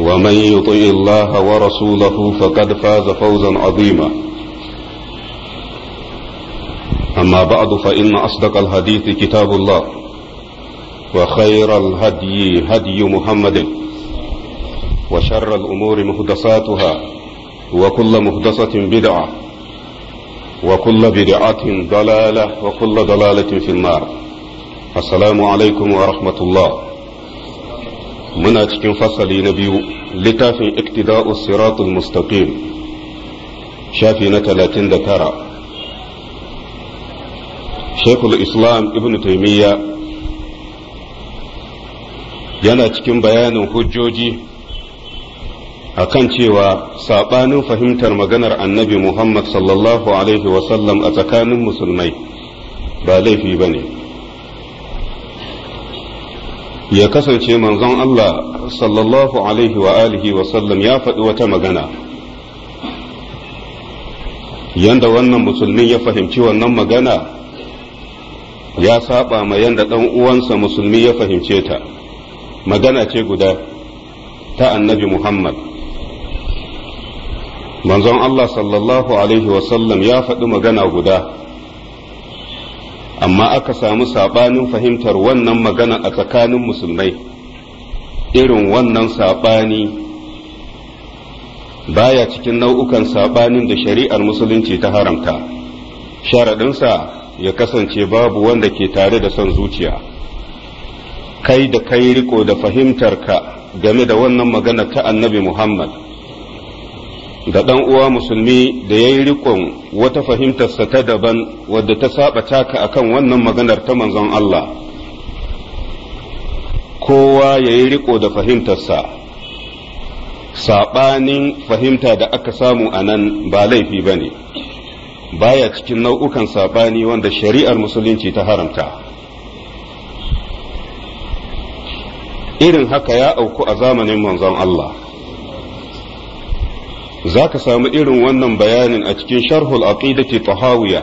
ومن يطع الله ورسوله فقد فاز فوزا عظيما أما بعد فإن أصدق الحديث كتاب الله وخير الهدي هدي محمد وشر الأمور محدثاتها وكل محدثة بدعة وكل بدعة ضلالة وكل ضلالة في النار السلام عليكم ورحمة الله muna cikin fasali na biyu littafin iktida'u siratul mustaqim shafi na talatin da tara shekul islam ibn taimiyya yana cikin bayanin hujjoji a kan cewa saɓanin fahimtar maganar annabi muhammad sallallahu alaihi wasallam a tsakanin musulmai ba laifi ba ne ya kasance manzon Allah sallallahu alaihi wa alihi wa sallam ya faɗi wata magana yanda wannan musulmin ya fahimci wannan magana ya saba ma yanda ɗan uwansa musulmi ya fahimce ta magana ce guda ta annabi Muhammad manzon Allah sallallahu alaihi wa sallam ya faɗi magana guda amma aka samu saɓanin fahimtar wannan magana a tsakanin musulmai irin wannan saɓani baya cikin nau'ukan saɓanin da shari'ar musulunci ta haramta sharaɗinsa ya kasance babu wanda ke tare da son zuciya kai da kai riko da fahimtarka game da wannan magana ta annabi muhammad Da ɗan uwa musulmi da ya yi rikon wata fahimtarsa ta daban wadda ta saba taka a kan wannan maganar ta manzon Allah kowa ya yi riko da fahimtarsa saɓanin fahimta da aka samu a nan ba laifi ba ne baya cikin nau'ukan saɓani wanda shari'ar musulunci ta haramta irin haka ya auku a zamanin manzon Allah za ka samu irin wannan bayanin a cikin sharhul aqidati tahawiya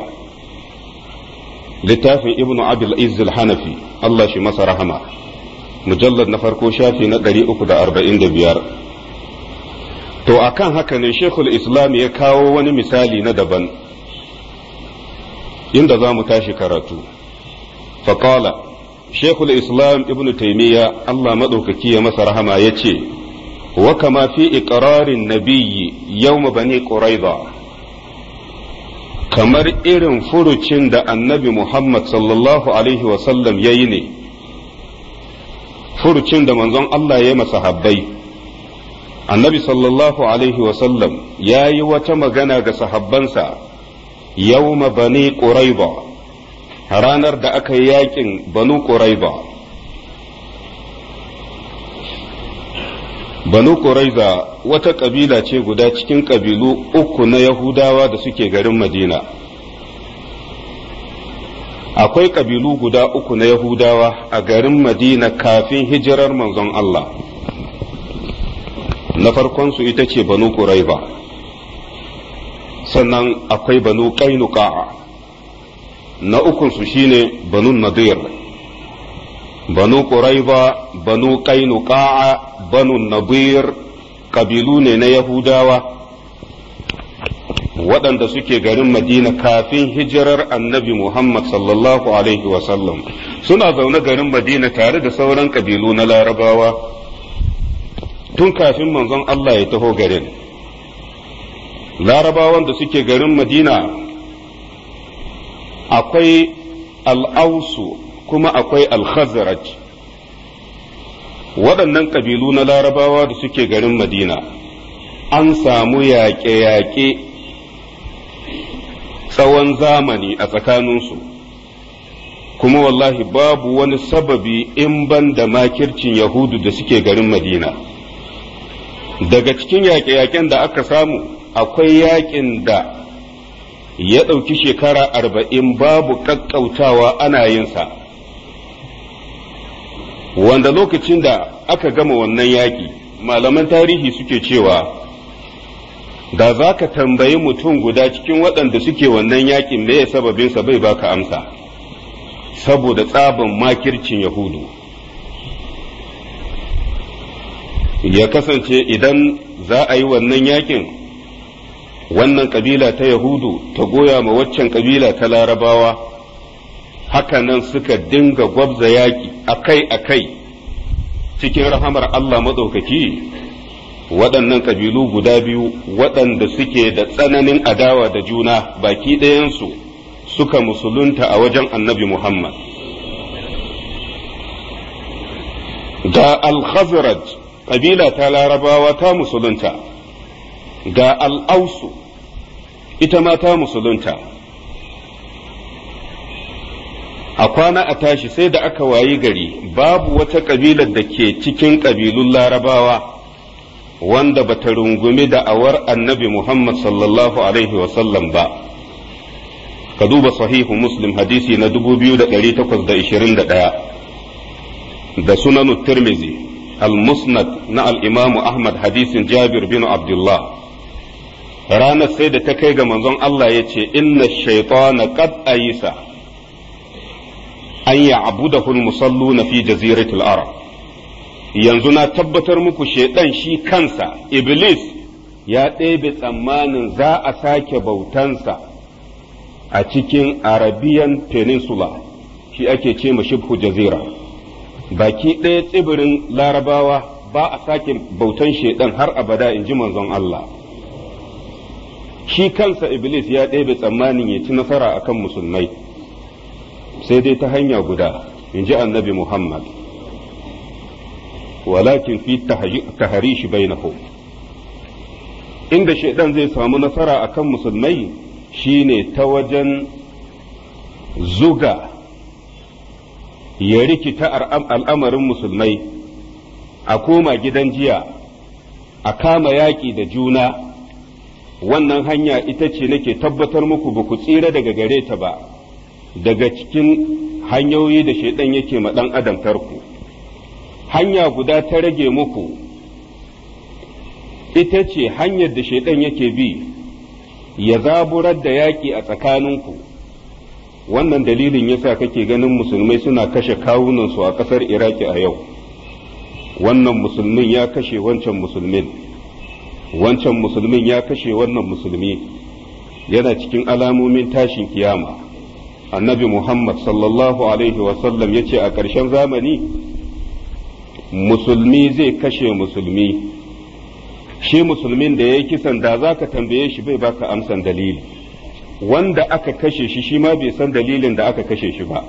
littafin ibnu abil izzil hanafi Allah shi masa rahama mujallad na farko shafi na 345 to akan haka ne shekul islam ya kawo wani misali na daban inda za mu tashi karatu faƙala shekul islam ibnu taimiyya Allah maɗaukaki ya masa rahama ya ce wa kama fi iqrarin nabiyyi yawma bani quraiza kamar irin furucin da annabi Muhammad sallallahu alaihi wasallam ya yi ne furucin da manzon Allah ya masa habbai annabi sallallahu alaihi wasallam ya yi wata magana ga sahabbansa yawma bani quraiza ranar da aka yi yakin banu quraiza banu quraiza wata ƙabila ce guda cikin ƙabilu uku na yahudawa da suke garin madina akwai ƙabilu guda uku na yahudawa a garin madina kafin hijirar manzon allah na farkonsu ita ce banu Quraiza. sannan akwai banu ƙainuka na ukunsu shine banu nadir banu quraiba banu qainuqa banu nabiyar ƙabilu ne na yahudawa waɗanda suke garin madina kafin hijirar annabi muhammad sallallahu alaihi wasallam suna zaune garin madina tare da sauran ƙabilu na larabawa tun kafin manzon allah ya taho garin larabawan da suke garin madina akwai al'ausu kuma akwai al-khazraj waɗannan ƙabilu na larabawa da suke garin madina an samu yaƙe-yaƙe tsawon zamani a tsakaninsu kuma wallahi babu wani sababi in ban da makircin yahudu da suke garin madina daga cikin yaƙe-yaƙen da aka samu akwai yaƙin da ya ɗauki shekara arba'in babu ƙaƙƙautawa ana yinsa wanda lokacin da aka gama wannan yaƙi malaman tarihi suke cewa da za ka tambayi mutum guda cikin waɗanda suke wannan yaƙin me sababinsa bai baka amsa saboda tsabin makircin yahudu ya kasance idan za a yi wannan yakin wannan ƙabila ta yahudu ta goya ma waccan ƙabila ta larabawa haka nan suka dinga gwabza yaki akai akai cikin rahamar Allah maɗaukaki waɗannan ƙabilu guda biyu waɗanda suke da tsananin adawa da juna baki ɗayansu suka musulunta a wajen annabi Muhammad ga al-khazraj ƙabila ta larabawa ta musulunta ga al-ausu ita ma ta musulunta a kwana a tashi sai da aka wayi gari babu wata ƙabilar da ke cikin ƙabilun larabawa wanda ba ta rungumi da awar annabi Muhammad sallallahu Alaihi wasallam ba ka duba sahihu muslim hadisi na 2821 da sunanu tirmizi al-musnad na al'imamu ahmad hadisin jabir bin abdullah ranar sai da ta kai ga manzon Allah ya ce inna shaitana qad ayisa an ya'budahu al-musalluna fi jaziratil arab yanzu na tabbatar muku shedan shi kansa iblis ya ɗebe tsammanin za a sake bautansa a cikin arabian peninsula shi ake ce ma shibhu jazira baki ɗaya tsibirin larabawa ba a sake bautan shedan har abada in ji manzon Allah shi kansa iblis ya ɗebe tsammanin ya ci nasara akan musulmai sai dai ta hanya guda in ji annabi Muhammad walakin fi taharishi bainahum inda shaidan zai samu nasara akan musulmai shine ta wajen zuga ya rikita al'amarin musulmai a koma gidan jiya a kama yaƙi da juna wannan hanya ita ce nake tabbatar muku ba ku tsira daga gare ta ba daga cikin hanyoyi da shaidan yake ma ɗan adam tarku hanya guda ta rage muku ita ce hanyar da shaidan yake bi ya zaburar da yaƙi a tsakaninku wannan dalilin yasa kake ganin musulmai suna kashe kawunansu a ƙasar iraki a yau wannan musulmin ya kashe wancan musulmin wancan musulmin ya kashe wannan musulmi yana cikin alamomin tashin kiyama annabi Muhammad sallallahu alaihi wasallam ya ce a ƙarshen zamani musulmi zai kashe musulmi shi musulmin da ya yi kisan da zaka tambaye shi bai baka amsan dalili wanda aka kashe shi shi ma bai san dalilin da aka kashe shi ba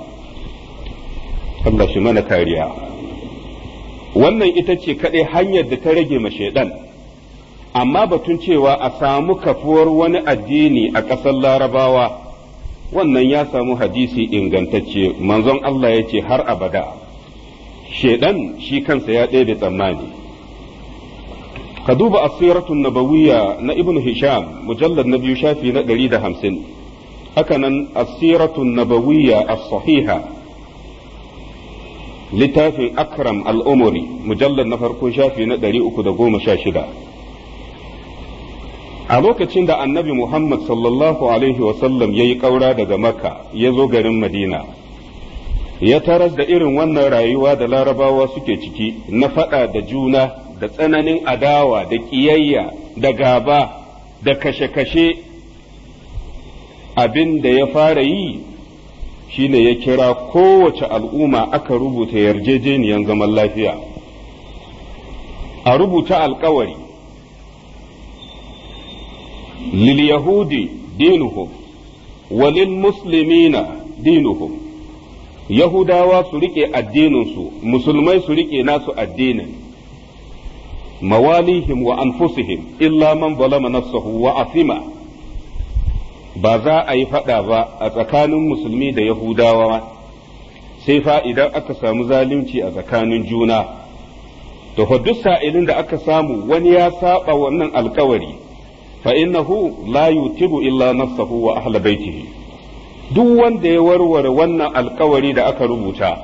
Allah shi mana kariya wannan ita ce kaɗai hanyar da ta rage ma shaidan amma batun cewa a samu kafuwar wani addini a ƙasar larabawa wannan ya samu hadisi ingantacce manzon Allah ya ce har abada shedan shi kansa ya ɗaya da tsammani ka duba asiratun nabawiyya na ibn hisham mujallar na biyu shafi na ɗari da hamsin hakanan asiratun nabawiyya a sahiha littafin akram al al-umuri mujallar na farko shafi na da goma sha shida a lokacin da annabi Muhammad sallallahu alaihi wasallam ya yi ƙaura daga Makka ya zo garin Madina ya taras da irin wannan rayuwa da larabawa suke ciki na faɗa da juna da tsananin adawa da ƙiyayya da gaba da kashe-kashe abin da ya fara yi shine ya kira kowace al'umma aka rubuta yarjejeniyar zaman lafiya a rubuta alkawari lil yahudi dinuhum wa lil muslimina dinuhum yahudawa su riƙe addininsu musulmai su rike nasu addinin mawalihim wa anfusihim illa man zalama nafsahu wa asima ba za a yi faɗa ba a tsakanin musulmi da yahudawa sai fa idan aka samu zalunci a tsakanin juna to fa duk sa'ilin da aka samu wani ya saba wannan alkawari fa innahu la yutibu illa nafsahu wa duk wanda ya warware wannan alkawari da aka rubuta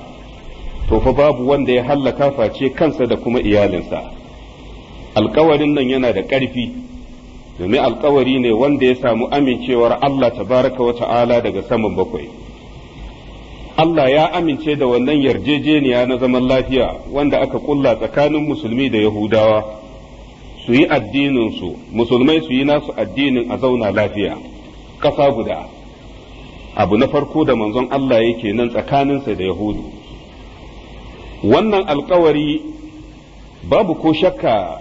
to fa babu wanda ya hallaka face kansa da kuma iyalinsa alkawarin nan yana da ƙarfi domin alkawari ne wanda ya samu amincewar Allah tabaraka wa ta'ala daga saman bakwai Allah ya amince da wannan yarjejeniya na zaman lafiya wanda aka kulla tsakanin musulmi da Yahudawa su yi addininsu musulmai su yi nasu addinin a zauna lafiya ƙasa guda abu na farko da manzon Allah yake nan tsakaninsa da yahudu wannan alkawari babu ko shakka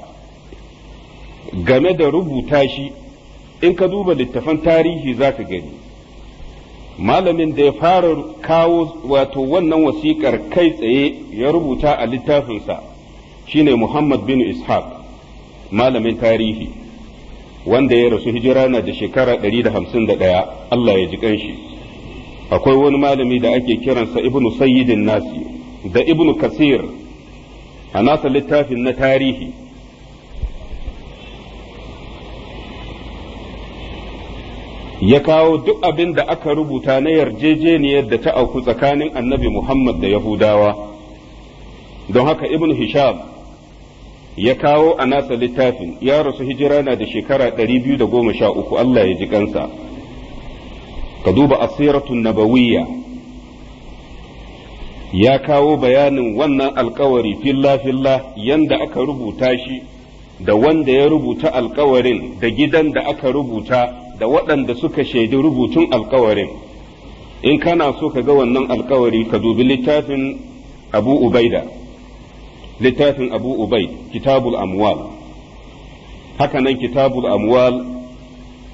game da rubuta shi in ka duba littafan tarihi za ka gani malamin da ya fara kawo wato wannan wasiƙar kai tsaye ya rubuta a littafinsa shine muhammad bin ishaq malamin tarihi wanda ya rasu hijira na da shekara 151 Allah ya ji kanshi akwai wani malami da ake kiransa ibnu sayyidin nasi da ibnu kasir a nasa littafin na tarihi ya kawo duk abin da aka rubuta na yarjejeniyar da ta auku tsakanin annabi Muhammad da Yahudawa don haka ibnu Hisham ya kawo a nasa littafin ya rasu hijira na da shekara 213 Allah ya ji kansa ka duba asiratun nabawiyya ya kawo bayanin wannan alkawari filla-filla yanda aka rubuta shi da wanda ya rubuta alkawarin da gidan da aka rubuta da waɗanda suka shaidi rubutun alkawarin in kana so ka ga wannan alkawari ka dubi littafin abu ubaida littafin abu ubaid kitabul amwal haka nan kitabul amwal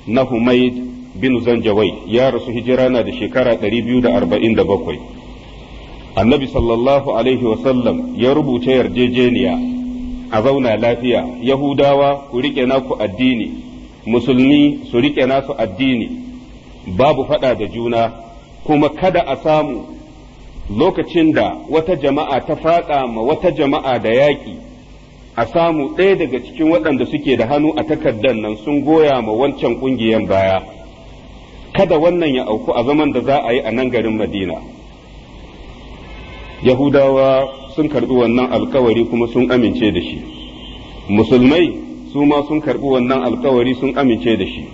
na humaid bin zanjawai ya rasu hijira na da shekara 247 annabi sallallahu alaihi wasallam ya rubuta yarjejeniya a zauna lafiya yahudawa ku rike naku addini musulmi su rike nasu addini babu fada da juna kuma kada a samu lokacin da wata jama'a ta faɗa ma wata jama'a da yaƙi a samu ɗaya daga cikin waɗanda suke da hannu a takardar nan sun goya ma wancan ƙungiyar baya kada wannan ya auku a zaman da za a yi a nan garin madina yahudawa sun karɓi wannan alkawari kuma sun amince da shi musulmai su ma sun karɓi wannan alkawari sun amince da shi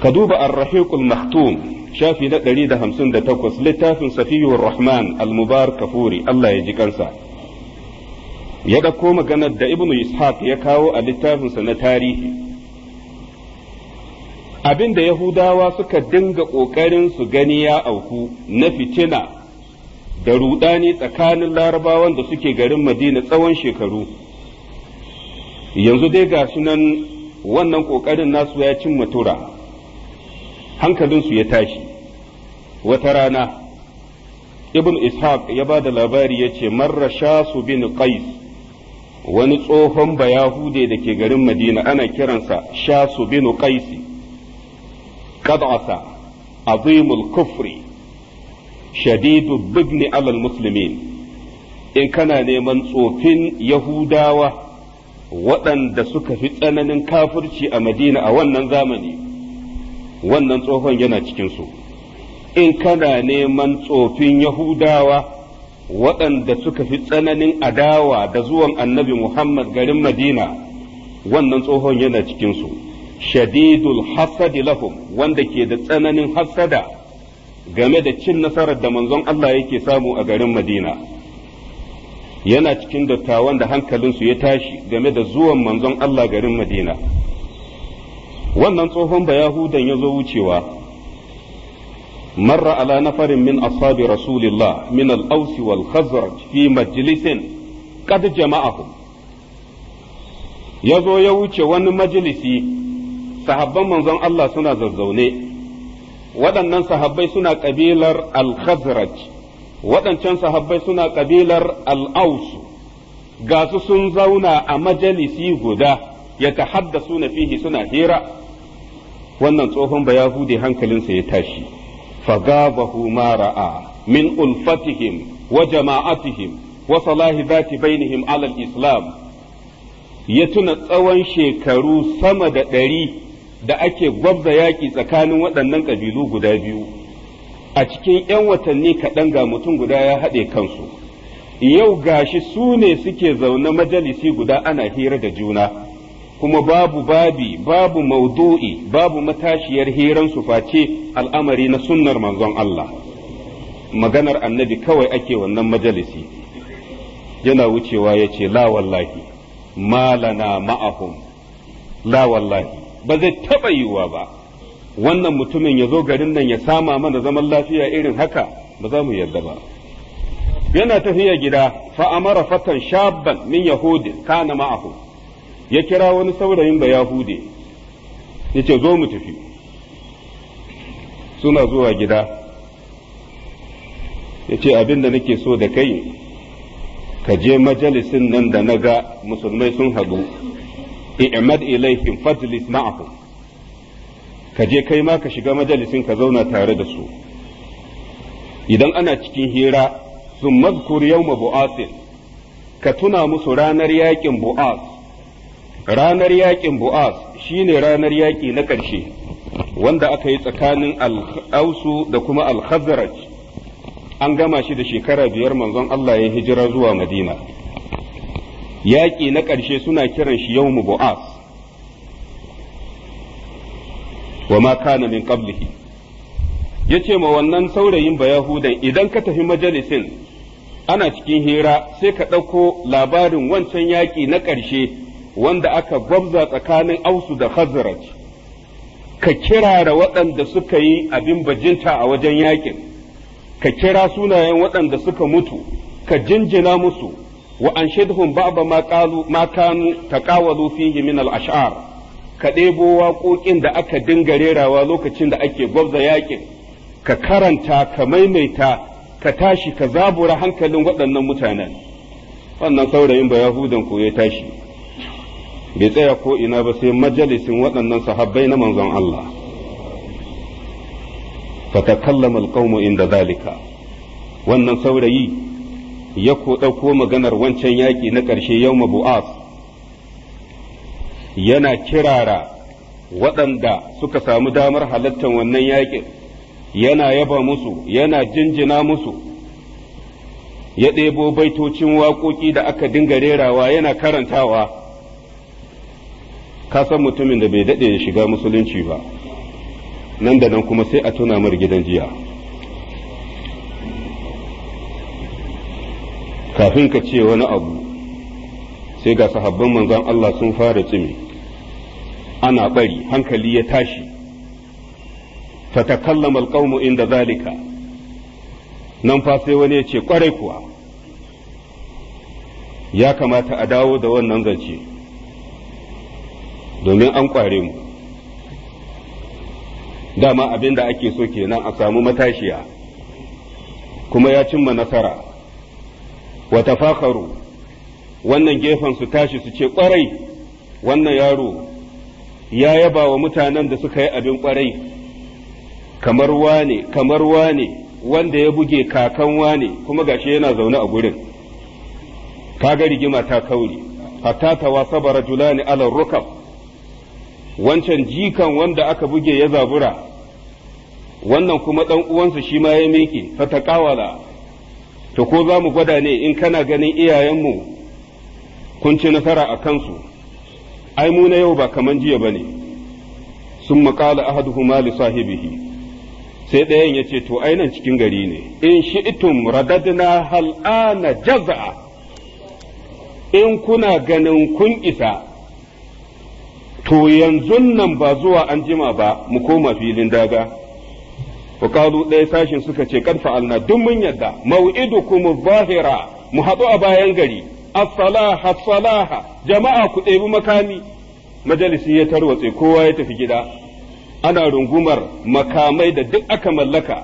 ka duba arrahiqul mahtum shafi na 158 littafin safiyur rahman al-mubarak kafuri Allah ya ji kansa ya ɗauko maganar da ibnu ishaq ya kawo a littafinsa na tarihi abin da yahudawa suka dinga ƙoƙarin su gani ya auku na fitina da rudani tsakanin larabawan da suke garin madina tsawon shekaru yanzu dai gashi nan wannan ƙoƙarin nasu ya cin tura. hankalinsu ya tashi wata rana ibn ishaq ya ba da labari ya ce marra shasu bin qais wani tsohon bayahude da ke garin madina ana kiransa shasu bin qaisi qad'asa azimul kufri shadidu bigni alal muslimin in kana neman tsofin yahudawa waɗanda suka fi tsananin kafirci a madina a wannan zamani wannan tsohon yana cikinsu in kana neman tsofin yahudawa waɗanda suka fi tsananin adawa da zuwan annabi muhammad garin madina wannan tsohon yana cikinsu shadidul hasadi lahum wanda ke da tsananin hasada game da cin nasarar da manzon allah yake samu a garin madina yana cikin dattawan da hankalinsu ya tashi game da zuwan manzon allah garin madina wannan tsohon bayahudan ya zo wucewa marra ala nafarin min ashabi rasulillah min al-aus wal khazraj fi majlisin qad ya zo ya wuce wani majalisi sahabban manzon Allah suna zazzaune waɗannan sahabbai suna ƙabilar al-khazraj waɗancan sahabbai suna ƙabilar al ausu gasu sun zauna a majalisi guda ya tahaddasu na fihi suna hira wannan tsohon ba ya bayahude hankalinsa ya tashi fagabahu ma ra'a min ulfatihim wa jama'atihim wa salahibati bainihim alal islam ya tuna tsawon shekaru sama da ɗari da ake gwabza yaƙi tsakanin waɗannan ƙabilu guda biyu a cikin 'yan watanni kaɗan ga mutum guda ya haɗe kansu yau gashi su ne suke zaune majalisi guda ana hira da juna kuma babu babi babu maudu'i babu matashiyar su face al'amari na sunnar manzon Allah maganar annabi kawai ake wannan majalisi yana wucewa ya ce la wallahi malana ma'ahum la wallahi ba zai taɓa yiwuwa ba wannan mutumin ya zo garin nan ya sama mana zaman lafiya irin haka ba za mu yarda ba yana tafiya gida fa mara fatan shabban min yahudi kana ma'ahu ya kira wani saurayin da yahude ya ce zo mu tafi suna zuwa gida ya ce abin da nake so da kai ka je majalisin nan da na ga musulmai sun haɗu i'mad ilaihim fajlis ma'ahum ka je kai ma ka shiga majalisin ka zauna tare da su idan ana cikin hira sun mazkur yau bu'asin ka tuna musu ranar yakin bu'as ranar yakin bu'as shine ranar yaki na ƙarshe wanda aka yi tsakanin al'ausu da kuma al-khazraj an gama shi da shekara biyar manzon Allah ya hijira zuwa madina yaƙi na ƙarshe suna kiran shi yawmu bu'as wa ma kana min qablihi yace ma wannan saurayin bayahudan idan ka tafi majalisin ana cikin hira sai ka ɗauko labarin wancan yaƙi na ƙarshe wanda aka gwabza tsakanin ausu da khazraj ka kira da waɗanda suka yi abin bajinta a wajen yakin ka kira sunayen waɗanda suka mutu ka jinjina musu wa an shidhum ba'da ma qalu ma kanu taqawalu fihi min al-ash'ar ka ɗebo waƙoƙin da aka dinga rerawa lokacin da ake gwabza yakin ka karanta ka maimaita ka tashi ka zabura hankalin waɗannan mutanen wannan saurayin ba yahudan ko ya tashi bai tsaya ko ina ba sai majalisin waɗannan sahabbai na manzon Allah fatakallama alqaumu inda zalika wannan saurayi ya ko ɗauko maganar wancan yaƙi na ƙarshe yau bu'as yana kirara waɗanda suka samu damar halartar wannan yaƙin yana yaba musu yana jinjina musu ya ɗebo baitocin waƙoƙi da aka dinga rerawa yana karantawa ka san mutumin da bai daɗe ya shiga musulunci ba nan da nan kuma sai a tuna mar gidan jiya kafin ka ce wani abu sai ga sahabban manzon Allah sun fara tsimi ana bari hankali ya tashi fatakallama alqaumu inda zalika nan fa sai wani ya ce kwarai kuwa ya kamata a dawo da wannan zance domin an kware mu dama abin da ake so kenan a samu matashiya kuma ya cimma nasara wa tafakaru wannan gefen su tashi su ce kwarai wannan yaro ya yaba wa mutanen da suka yi abin kwarai kamar wane kamar wane wanda ya buge kakan wane kuma gashi yana zaune a gurin ga rigima ta kauri hatta tawasaba rajulani ala rukab wancan jikan wanda aka buge ya zabura wannan kuma dan uwansa shi ma ya miƙe fataƙawala to ko za mu gwada ne in kana ganin iyayenmu kun ci nasara a kansu ai mu na yau ba kaman jiya ba ne sun maƙala ahaduhuma li sahibihi sai ɗayan ya ce to ainan cikin gari ne in shi'tum radadna hal'ana jaza in kuna ganin kun isa to yanzu nan ba zuwa an jima ba mu koma filin daga wa kalu ɗaya sashin suka ce kan fa'alna duk mun yadda mau'idukum zahira mu hadu a bayan gari as-salaha salaha jama'a ku ɗebi makami majalisi ya tarwatse kowa ya tafi gida ana rungumar makamai da duk aka mallaka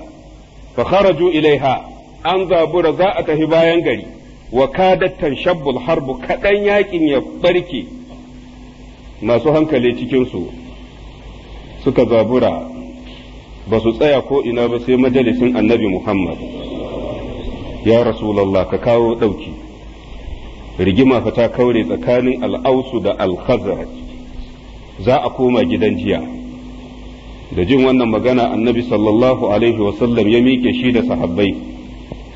fa kharaju ilaiha an zabura za a tafi bayan gari wa kadat shabbul harbu kadan yakin ya barke masu hankali cikinsu suka zabura ba su tsaya ko ina ba sai majalisin annabi Muhammad ya Rasulallah ka kawo ɗauki rigima fa ta kaure tsakanin al'ausu da al za a koma gidan jiya da jin wannan magana annabi sallallahu alaihi wasallam ya miƙe shi da sahabbai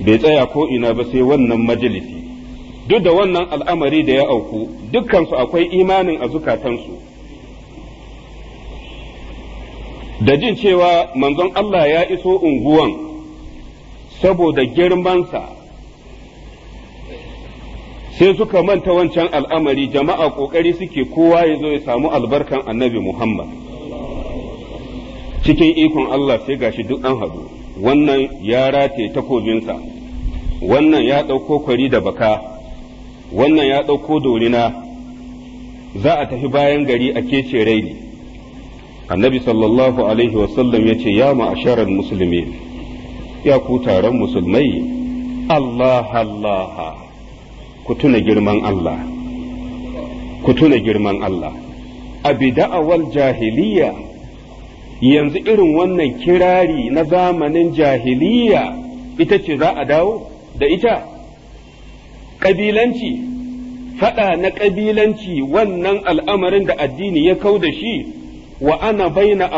bai tsaya ko ina ba sai wannan majalisi duk da wannan al'amari da ya auku dukkansu akwai imanin a zukatansu da jin cewa manzon Allah ya iso unguwan saboda girmansa sai suka manta wancan al'amari jama'a ƙoƙari suke kowa ya zo ya samu albarkan annabi Muhammad cikin ikon Allah sai gashi duk an haɗu wannan ya rataye takobinsa wannan ya ɗauko kwari da baka wannan ya ɗauko dorina za a tafi bayan gari a kece raini annabi sallallahu alaihi wasallam ya ce ya ma'asharar musulmi ya ku taron musulmai Allah Allah ku tuna girman Allah ku tuna girman Allah a da'awal jahiliya yanzu irin wannan kirari na zamanin jahiliya ita ce za a dawo da ita ƙabilanci faɗa na ƙabilanci wannan al'amarin da addini ya kau da shi wa ana baina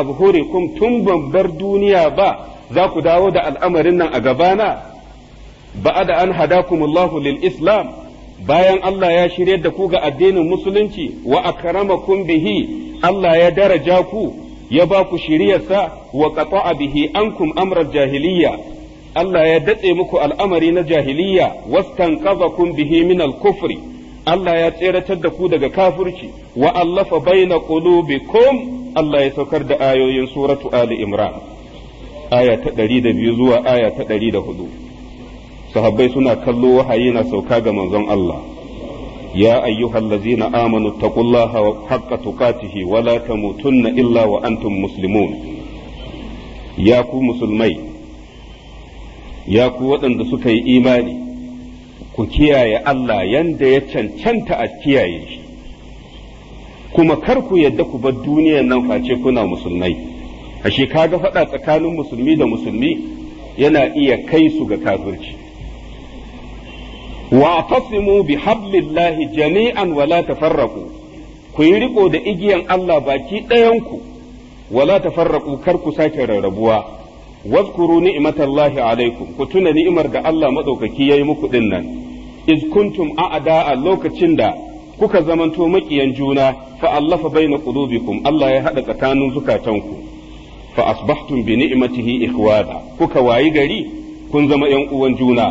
kum tun babbar duniya ba za ku dawo da al'amarin nan a gabana ba da an hadakumullahu lil islam bayan Allah ya shirya da ku ga addinin musulunci wa akramakum bihi Allah ya daraja ku ya ba ku sa wa qata'a bihi ankum amrar jahiliya Allah ya datse muku al'amari na jahiliya kun bihi min kufri Allah ya tseratar da ku daga kafurci wa allafa baina qulubikum Allah ya saukar da ayoyin suratu Ali Imran aya ta biyu zuwa aya ta hudu. sahabbai suna kallo wahayi na sauka ga manzon Allah ya ayyuhal ladzina amanu taqullaha haqqa tuqatihi wa la tamutunna illa wa antum muslimun ya ku musulmai ya ku waɗanda suka yi imani ku kiyaye Allah yanda ya cancanta a kiyaye shi kuma kar ku yadda ku bar duniyar nan face kuna musulmai ashe kaga faɗa tsakanin musulmi da musulmi yana iya kai su ga kafirci wa'tasimu hablillahi jami'an wala tafarraqu ku yi riko da igiyan Allah baki ɗayanku wala tafarraqu kar ku sake rarrabuwa واذكروا نعمة الله عليكم كتنا نعمة الله مدوككي يمك إنن إذ كنتم أعداء لوك تشندا كوكا زمن تومك ينجونا فألف بين قلوبكم الله يهدك كانوا زكاتنكم فأصبحتم بنعمته إخوانا كوكا وايغري كن زما ينقوان جونا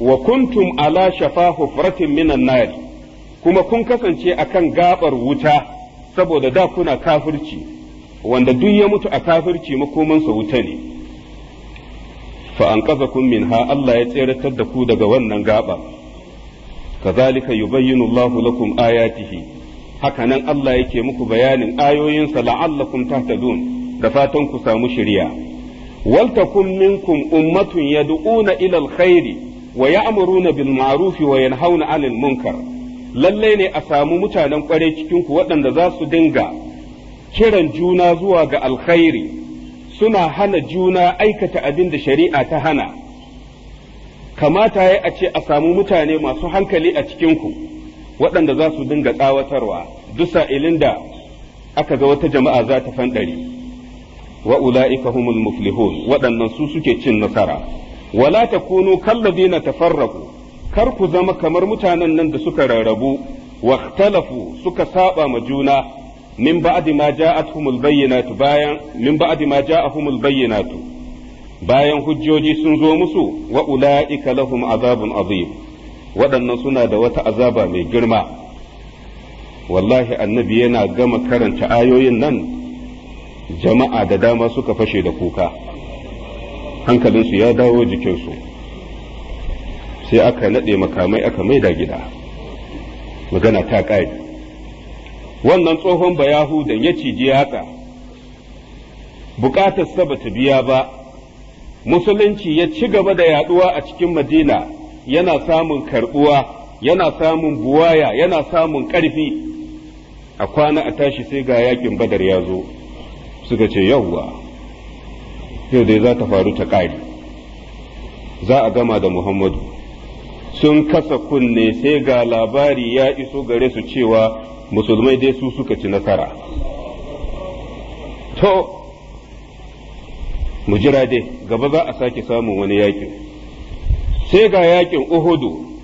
وكنتم على شفا حفرة من النار كما كن كسنشي أكن غابر وتا saboda da kuna kafirci wanda duk ya mutu a kafirci makomansa wuta ne fa min ha Allah ya tseratar da ku daga wannan gaba kazalika yubayyinu Allahu lakum ayatihi haka nan Allah yake muku bayanin ayoyinsa la'allakum tahtadun da fatan ku samu shiriya wal takum minkum ummatun yad'una ila alkhairi wa ya'muruna bil ma'ruf wa yanhauna 'anil munkar lalle ne a samu mutanen kware cikin ku waɗanda za su dinga kiran juna zuwa ga alkhairi suna hana juna aikata abin da shari'a ta hana kamata ya a ce a samu mutane masu hankali a cikinku waɗanda za su dinga tsawatarwa duk sa'ilin da aka ga wata jama'a za ta fanɗari wa ula'ika humul muflihun waɗannan su suke cin nasara wala takunu kallazina tafarraqu kar ku zama kamar mutanen nan da suka rarrabu واختلفوا suka saba ma juna min ba'di ma ja'atuhumul bayyinatu bayan min ba'di ma bayan hujjoji sun zo musu wa ula'ika lahum azabun azim waɗannan suna da wata azaba mai girma wallahi annabi yana gama karanta ayoyin nan jama'a da dama suka fashe da kuka hankalinsu ya dawo jikinsu sai aka naɗe makamai aka maida gida magana ta ƙari wannan tsohon ba yahudan ya ciji yatsa sa ba ta biya ba musulunci ya ci gaba da yaduwa a cikin madina yana samun karbuwa yana samun buwaya yana samun karfi a kwana a tashi sai ga yakin badar ya zo suka ce yauwa yau dai za ta faru ta ƙari za a gama da muhammadu sun kasa kunne sai ga labari ya iso gare su cewa musulmai dai su suka ci nasara to mu jira dai gaba za a sake samun wani yakin sai ga yakin uhudu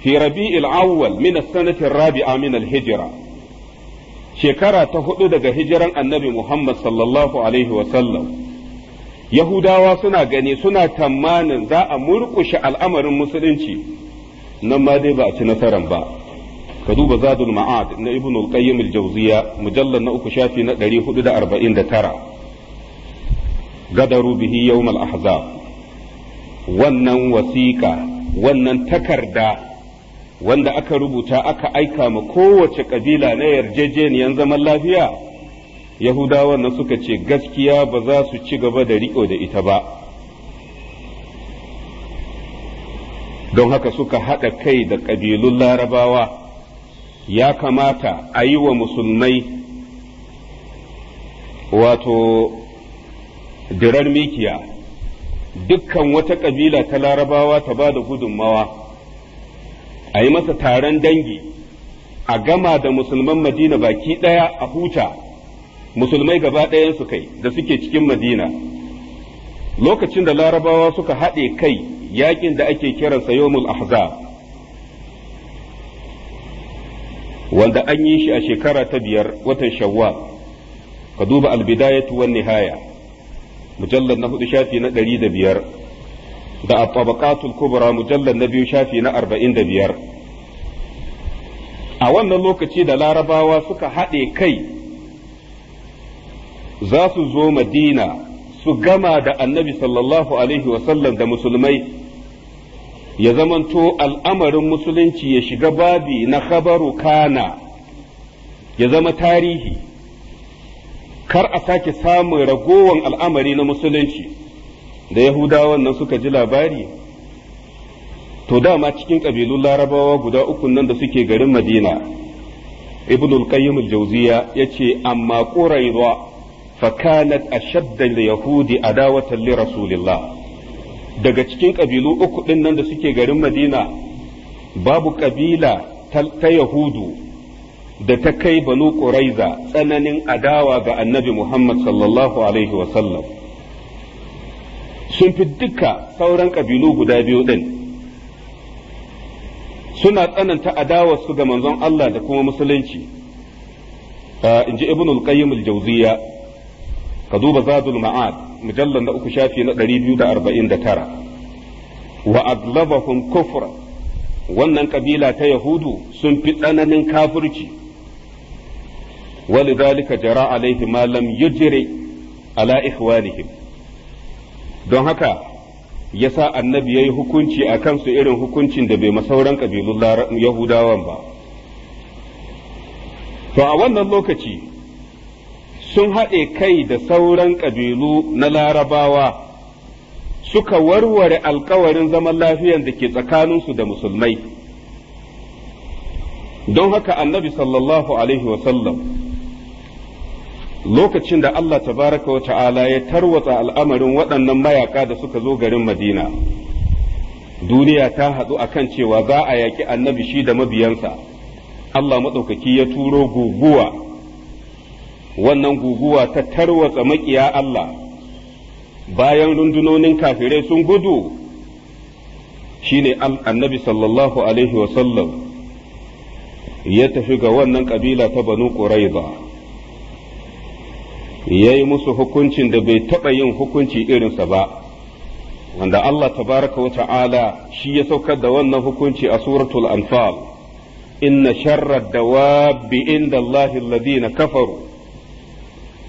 fi rabi'il awwal min as-sanati rabi'a min al-hijra shekara ta hudu daga hijiran annabi Muhammad sallallahu alaihi wa sallam Yahudawa suna gani suna tamanin za a murkushe al'amarin musulunci nan ma dai ba a ci nasaran ba ka duba zadul ma'ad na ibn al-qayyim al-jawziya na uku shafi na 449 gadaru bihi yawm al-ahzab wannan wasiƙa wannan takarda wanda aka rubuta aka aika ma kowace kabila na yarjejeniyan zaman lafiya yahudawan nan suka ce gaskiya ba za su ci gaba da riƙo da ita ba don haka suka haɗa kai da ƙabilun larabawa ya kamata a yi wa musulmai wato dirar mikiya dukkan wata ƙabila ta larabawa ta ba da gudunmawa a yi masa taron dangi a gama da musulman madina baki ɗaya a huta musulmai gaba ɗayansu kai da suke cikin madina lokacin da larabawa suka haɗe kai yakin da ake kiransa yomul ahzab wanda an yi shi a shekara ta biyar watan shawwal ka duba albidayatu wan nihaya mujallar na hudu shafi na ɗari da biyar da at-tabaqatul kubra mujallar na biyu shafi na arba'in da biyar a wannan lokaci da larabawa suka haɗe kai za su zo madina su gama da annabi sallallahu alaihi wasallam da musulmai ya zamanto al'amarin musulunci ya shiga babi na khabaru kana ya zama tarihi kar a sake samun ragowan al'amari na musulunci da yahudawan nan suka ji labari to dama cikin ƙabilun larabawa guda uku nan da suke garin madina ibn al-qayyim al-jawziya yace amma quraiza fa kanat ashadda al-yahudi adawatan li rasulillah daga cikin ƙabilu uku ɗin nan da suke garin madina babu ƙabila ta yahudu da ta kai banu ƙuraiza tsananin adawa ga annabi muhammad sallallahu alaihi wasallam sun fi duka sauran ƙabilu guda biyu ɗin suna tsananta su ga manzon allah da kuma musulunci ah, in ji ibn al-qayyim al-jawziya ka duba zadul ma'ad mujallar na uku shafi na 249 wa adlabahum kufra wannan kabila ta yahudu sun fi tsananin kafirci dalika jara alaihi ma lam yujri ala ikhwanihim don haka ya sa annabi yayi hukunci a kansu irin hukuncin da bai masauran kabilun yahudawan ba to a wannan lokaci sun haɗe kai da sauran ƙabilu na larabawa suka warware alkawarin zaman lafiyan da ke tsakaninsu da musulmai don haka annabi sallallahu alaihi wasallam lokacin da Allah tabaraka wa ta'ala ya tarwatsa al'amarin waɗannan mayaka da suka zo garin madina duniya ta haɗu a kan cewa za a yaƙi annabi shi da mabiyansa Allah maɗaukaki ya turo guguwa wannan guguwa ta tarwatsa maƙiya Allah bayan rundunonin kafirai sun gudu shine annabi sallallahu alaihi wasallam ya tafi ga wannan ƙabila ta banu ba. ya yi musu hukuncin da bai taɓa yin hukunci irinsa ba wanda Allah tabaraka wa ta'ala shi ya saukar da wannan hukunci a suratul anfal inna sharra dawabi inda Allah alladhina kafaru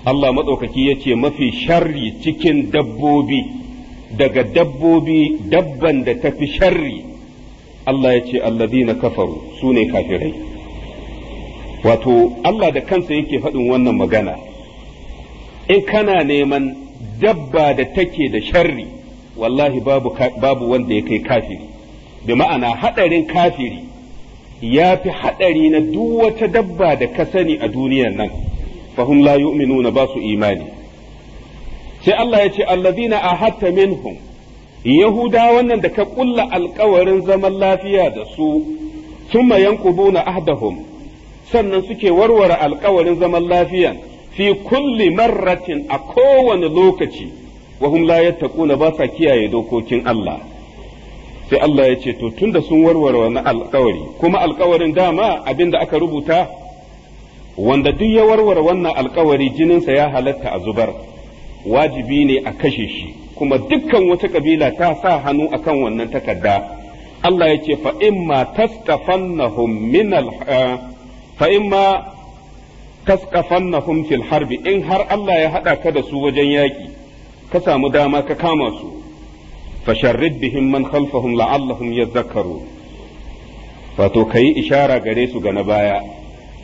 Allah matsaukaki ya ce mafi sharri cikin dabbobi daga dabbobi dabban da tafi sharri Allah ya ce na kafaru su ne kafirai wato Allah da kansa yake faɗin wannan magana in kana neman dabba da take da sharri wallahi babu, wanda ya kai kafiri bi ma'ana haɗarin kafiri ya fi haɗari na duk wata dabba da ka sani a duniyar nan. fahum la yu'minuna ba su imani sai Allah ya ce alladina ahatta minhum yahuda wannan da ka kulla alkawarin zaman lafiya da su thumma yanquduna ahdahum sannan suke warware alkawarin zaman lafiyan fi kulli marratin a kowane lokaci wa hum la yattaquna ba sa kiyaye dokokin Allah sai Allah ya ce to tunda sun warware wannan alkawari kuma alkawarin dama abinda aka rubuta wanda duk ya warware wannan alkawari jininsa ya halatta a zubar wajibi ne a kashe shi kuma dukkan wata kabila ta sa hannu akan wannan takarda Allah ya ce fa'imma taskafannahum eh, fil harbi in har Allah ya haɗa ka da su wajen yaƙi ka samu dama ka kama su fasharrid bihim man khalfahum ya zakaru. wato kayi ishara gare su ga na baya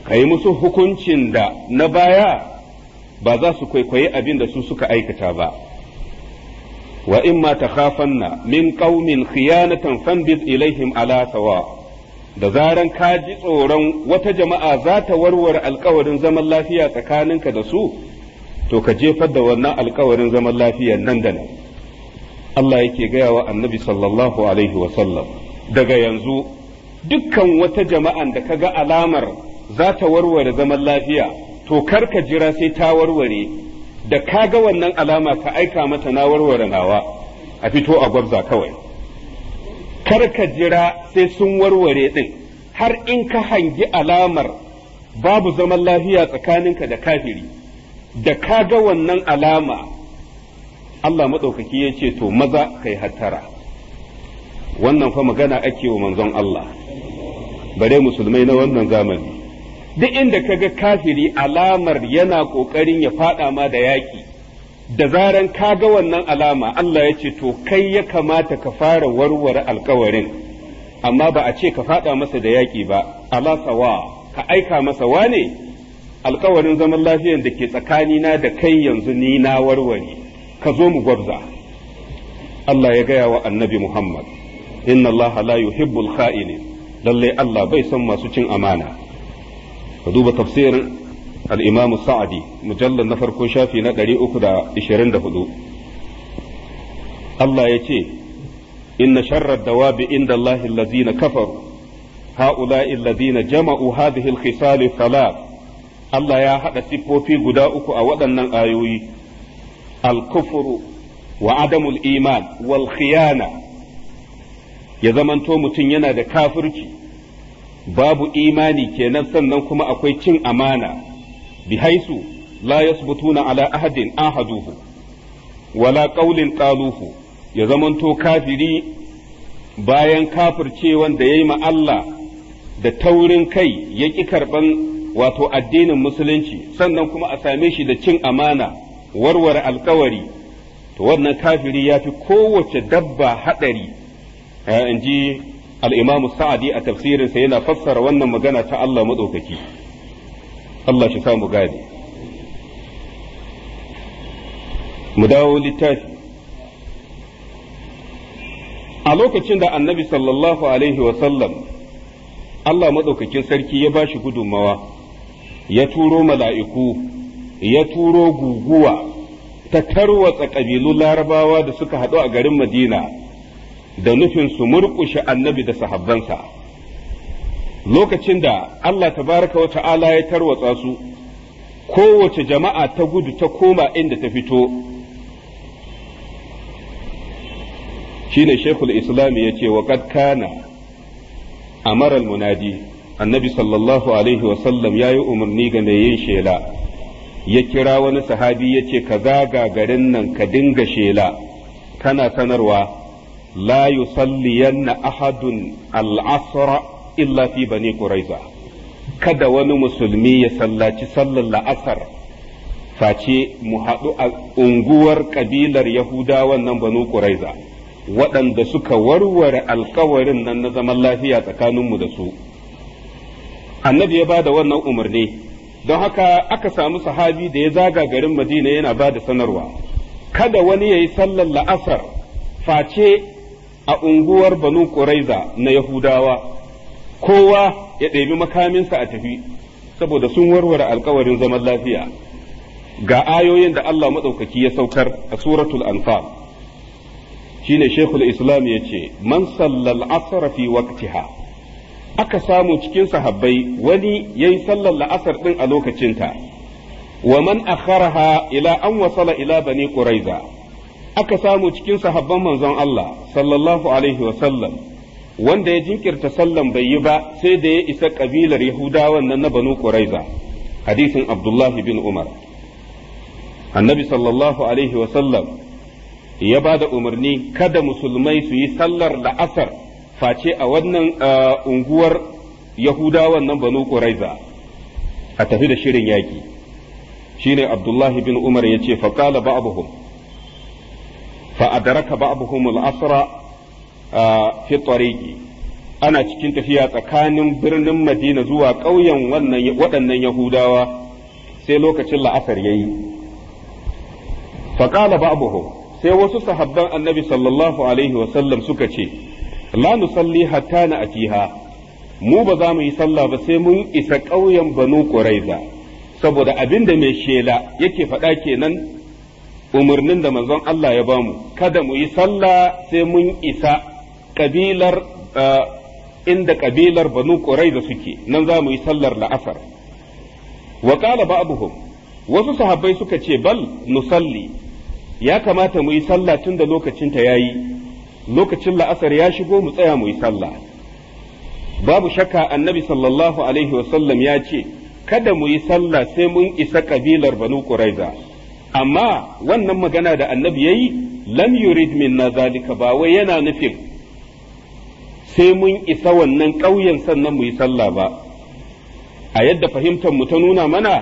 ka yi musu hukuncin da na baya ba za su kwaikwayi abin da su suka aikata ba wa in ma khafanna min qaumin khiyanatan fanbiz ilaihim ala sawa da zaran ka ji tsoron wata jama'a za ta warware alkawarin zaman lafiya tsakaninka da su to ka jefar da wannan alkawarin zaman lafiya nan da nan Allah yake gaya wa annabi sallallahu alaihi wa sallam daga yanzu dukkan wata jama'an da ka ga alamar za ta warware zaman lafiya to kar ka jira sai ta warware da ka ga wannan alama ka aika mata na warware nawa a fito a gwabza kawai kar ka jira sai sun warware din har in ka hangi alamar babu zaman lafiya tsakaninka da kafiri da ka ga wannan alama Allah maɗaukaki ya ce to maza kai hattara wannan fa magana ake wa manzon Allah bare musulmai na wannan zamani duk inda kaga kafiri alamar yana kokarin ya fada ma da yaki da zaran kaga wannan alama Allah ya ce to kai ya kamata ka fara warware alkawarin amma ba a ce ka fada masa da yaki ba ala sawa ka aika masa wane alkawarin zaman lafiyar da ke tsakanina da kai yanzu ni na warware ka zo mu gwabza Allah ya gaya wa annabi Muhammad inna Allah la yuhibbul kha'inin lalle Allah bai son masu cin amana ka duba tafsirin al-imam sa'adi mujallar na farko shafi na 324 Allah ya ce inna sharrad dawabi inda Allah allazina kafaru هؤلاء jama'u جمعوا هذه الخصال الثلاث Allah ya haɗa siffofi guda uku a waɗannan ayoyi, alkufuru wa iman wal ya zamanto mutum yana da kafirci babu imani kenan sannan kuma akwai cin amana bi haisu la yasbutuna ala ahadin ahaduhu wala qaulin qaluhu ya zamanto kafiri bayan kafirce da yayi ma Allah da taurin kai ya ƙi karban wato addinin musulunci sannan kuma a same shi da cin amana warware alkawari to wannan kafiri ya fi kowace dabba haɗari eh, in ji al-imamu sa'adi a tafsirinsa yana fassara wannan magana ta Allah maɗaukaki Allah shi mu dawo littafi a lokacin da annabi sallallahu alaihi sallam Allah maɗaukakin sarki ya ba shi gudunmawa ya turo mala'iku ya turo guguwa ta tarwatsa ƙabilun larabawa da suka haɗu a garin madina da nufin su murƙushe annabi da sahabbansa lokacin da Allah tabaraka wa ta'ala ya tarwatsa su kowace jama'a ta gudu ta koma inda ta fito shine shekul islam ya ce wa kana amaral munadi annabi sallallahu alaihi wasallam ya yi umarni ga mai yin shela ya kira wani sahabi ya ce ka zaga garin nan ka dinga shela kana sanarwa la yusalliyanna ahadun العصر illa في bani quraiza kada wani musulmi ya sallaci sallar la'asar face mu haɗu a unguwar ƙabilar yahudawan nan banu ƙuraiza waɗanda suka warware alkawarin nan na zaman lafiya tsakaninmu da su annabi ya ba da wannan umarni don haka aka samu sahabi da ya zaga garin madina yana ba da sanarwa kada wani ya yi sallar la'asar face a unguwar banu Quraiza na Yahudawa kowa ya ɗebi makaminsa a tafi saboda sun warware alkawarin zaman lafiya ga ayoyin da Allah maɗaukaki ya saukar a suratul anfal shine shekul islam ya ce man sallal asar fi waqtiha aka samu cikin sahabbai wani yayi sallar la'asar ɗin a lokacinta wa man akharaha ila an wasala ila bani quraiza aka samu cikin sahabban manzon Allah sallallahu alaihi sallam wanda ya jinkirta sallan bai yi ba sai da ya isa kabilar yahudawan nan na banu quraiza hadisin abdullah bin umar annabi sallallahu alaihi sallam ya ba da umarni kada musulmai su yi sallar la'asar face a wannan uh, unguwar yahudawan nan banu quraiza a tafi da shirin yaki shine Abdullahi bin umar ya ce faqala ba'dhum fa adraka ba'dhum al-asra fi tariqi ana cikin tafiya tsakanin birnin Madina zuwa ƙauyen waɗannan Yahudawa sai lokacin la'asar yayi fa qala ba'dhum sai wasu sahabban annabi sallallahu alaihi wasallam suka ce la nusalli hatta na atiha mu ba za mu yi sallah ba sai mun isa ƙauyen banu ƙuraiza saboda abin da mai shela yake faɗa kenan umarnin da manzon Allah ya bamu kada mu yi sallah sai mun isa kabilar inda kabilar banu ƙurai da suke nan za mu yi sallar la'asar wa qala ba'dhum wasu sahabbai suka ce bal nusalli ya kamata mu yi sallah tun da lokacin ta yayi lokacin la'asar ya shigo mu tsaya mu yi sallah babu shakka annabi sallallahu alaihi wasallam ya ce kada mu yi sallah sai mun isa kabilar banu ƙuraiza amma wannan magana da annabi yayi lam yurid na zalika ba wai yana nufin sai mun isa wannan ƙauyen sannan mu yi sallah ba a yadda fahimtar mu ta nuna mana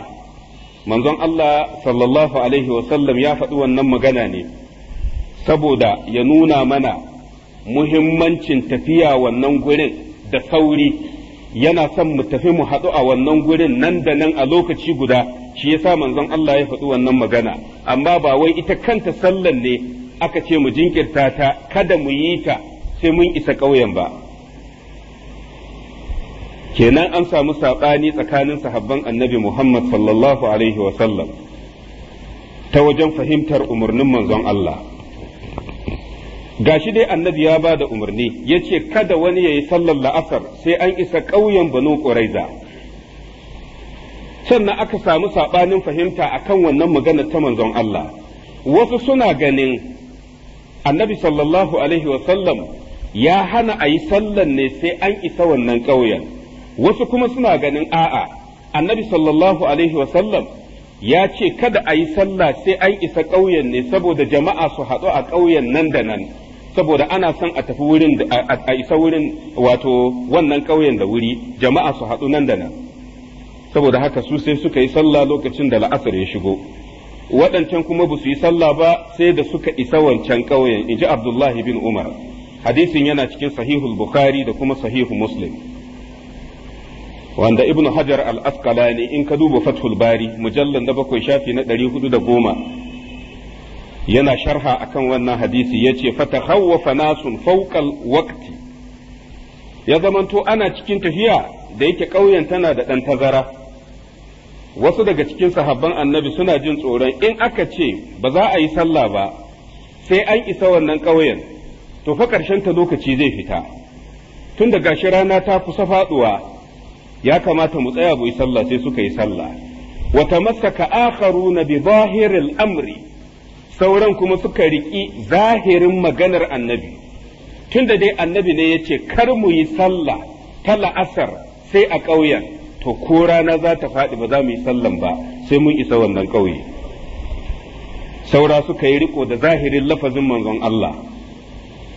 manzon Allah sallallahu alaihi wasallam ya faɗi wannan magana ne saboda ya nuna mana muhimmancin tafiya wannan gurin da sauri yana son mu tafi mu haɗu a wannan gurin nan da nan a lokaci guda shi yasa manzon Allah ya faɗi wannan magana amma ba wai ita kanta sallan ne aka ce mu jinkirta ta kada mu yi ta sai mun isa ƙauyen ba kenan an samu saɓani tsakanin sahabban annabi Muhammad sallallahu alaihi wa sallam ta wajen fahimtar umarnin manzon Allah gashi dai annabi ya ba da umarni ya ce kada wani ya yi sallar la'asar sai an isa ƙauyen banu ƙuraiza sannan aka samu saɓanin fahimta a kan wannan magana ta manzon Allah wasu suna ganin annabi sallallahu alaihi wasallam ya hana a yi sallan ne sai an isa wannan ƙauyen wasu kuma suna ganin a'a annabi sallallahu alaihi wasallam ya ce kada a yi sallah sai an isa ƙauyen ne saboda jama'a su haɗu a ƙauyen nan da nan saboda ana son a tafi wurin a isa wurin wato wannan ƙauyen da wuri jama'a su haɗu nan da nan saboda haka su sai suka yi sallah lokacin da la'asar ya shigo waɗancan kuma ba su yi sallah ba sai da suka isa wancan ƙauyen inji abdullahi bin umar hadisin yana cikin sahihul bukhari da kuma sahihu muslim wanda ibnu hajar al-asqalani in ka duba fathul bari mujallal na bakwai shafi na ɗari hudu da goma yana sharha akan wannan hadisi ya ce fata nasun faukal waqti ya zamanto ana cikin tafiya da yake ƙauyen tana da ɗan tazara wasu daga cikin sahabban annabi suna jin tsoron in aka ce ba za a yi sallah ba sai an isa wannan ƙauyen to fa ƙarshen ta lokaci zai fita tun da gashi rana ta kusa faɗuwa ya kamata mu tsaya mu yi sallah sai suka yi sallah wata maskaka akharu na bi zahiril amri sauran kuma suka riƙi zahirin maganar annabi tunda dai annabi ne ya ce kar mu yi sallah ta la'asar sai a ƙauyen to ko rana za ta faɗi ba za mu yi sallan ba sai mun isa wannan ƙauye saura suka yi riko da zahirin lafazin manzon Allah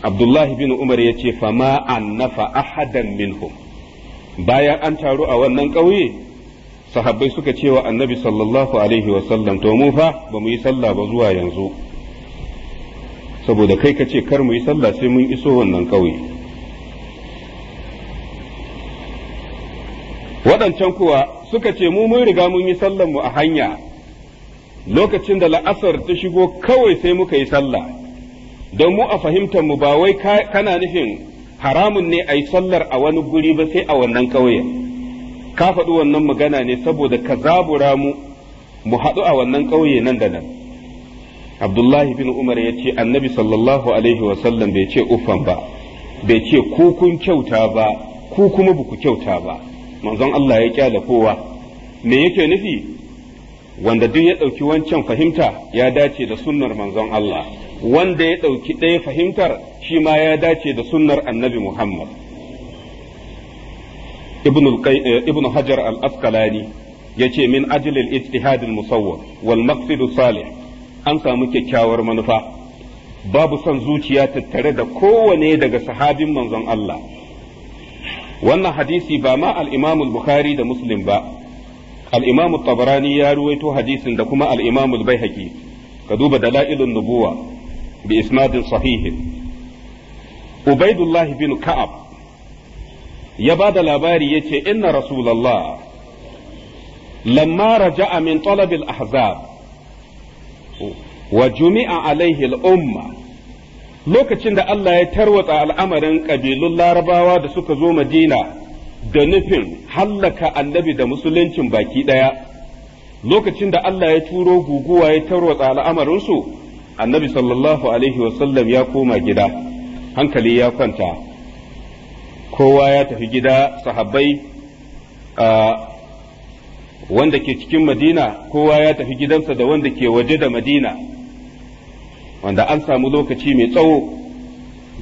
Abdullahi bin Umar ya ce fama annafa ahadan minhum bayan an taru a wannan ƙauye sahabbai suka ce wa annabi sallallahu alaihi wa sallam. to mu fa ba mu yi sallah ba zuwa yanzu saboda kai ka ce kar mu yi sallah sai mun iso wannan ƙauye waɗancan kuwa suka ce mu mun riga mun yi mu a hanya lokacin da la'asar ta shigo kawai sai muka yi sallah don mu a fahimtar mu ba wai kana nufin haramun ne a yi sallar a wani guri ba sai a wannan ƙauyen ka faɗi wannan magana ne saboda ka zabura mu mu haɗu a wannan ƙauye nan da nan abdullahi bin umar ya ce annabi sallallahu alaihi wa sallam bai ce uffan ba bai ce ku kun kyauta ba ku kuma ba ku kyauta ba manzon Allah ya kyale kowa me yake nufi wanda duk ya ɗauki wancan fahimta ya dace da sunnar manzon Allah wanda ya ɗauki ɗaya fahimtar shi ma ya dace da sunnar annabi Muhammad ibn eh, hajar al-asqalani yace min ajlil ijtihad al-musawwar wal maqsid salih an samu kyakkyawar manufa babu son zuciya tattare da kowane daga sahabin manzon Allah wannan hadisi ba ma al bukhari da Muslim ba al tabarani ya ruwaito hadisin da kuma al'imamul imam baihaqi ka duba dalailun nubuwa bi isnadin sahihin. Ubaidullahi bin Ka'ab ya ba da labari ya ce inna Rasulallah. lamma raja'a min talab ahzab wa jumi'a alaihi al-umma lokacin da Allah ya tarwatsa al'amarin kabilun larabawa da suka zo madina da nufin hallaka annabi da musuluncin baki ɗaya lokacin da Allah ya turo guguwa ya tarwatsa al'amarinsu annabi sallallahu alaihi wasallam ya koma gida hankali ya kwanta kowa ya tafi gida sahabbai wanda ke cikin madina kowa ya tafi gidansa da wanda ke waje da madina wanda an samu lokaci mai tsawo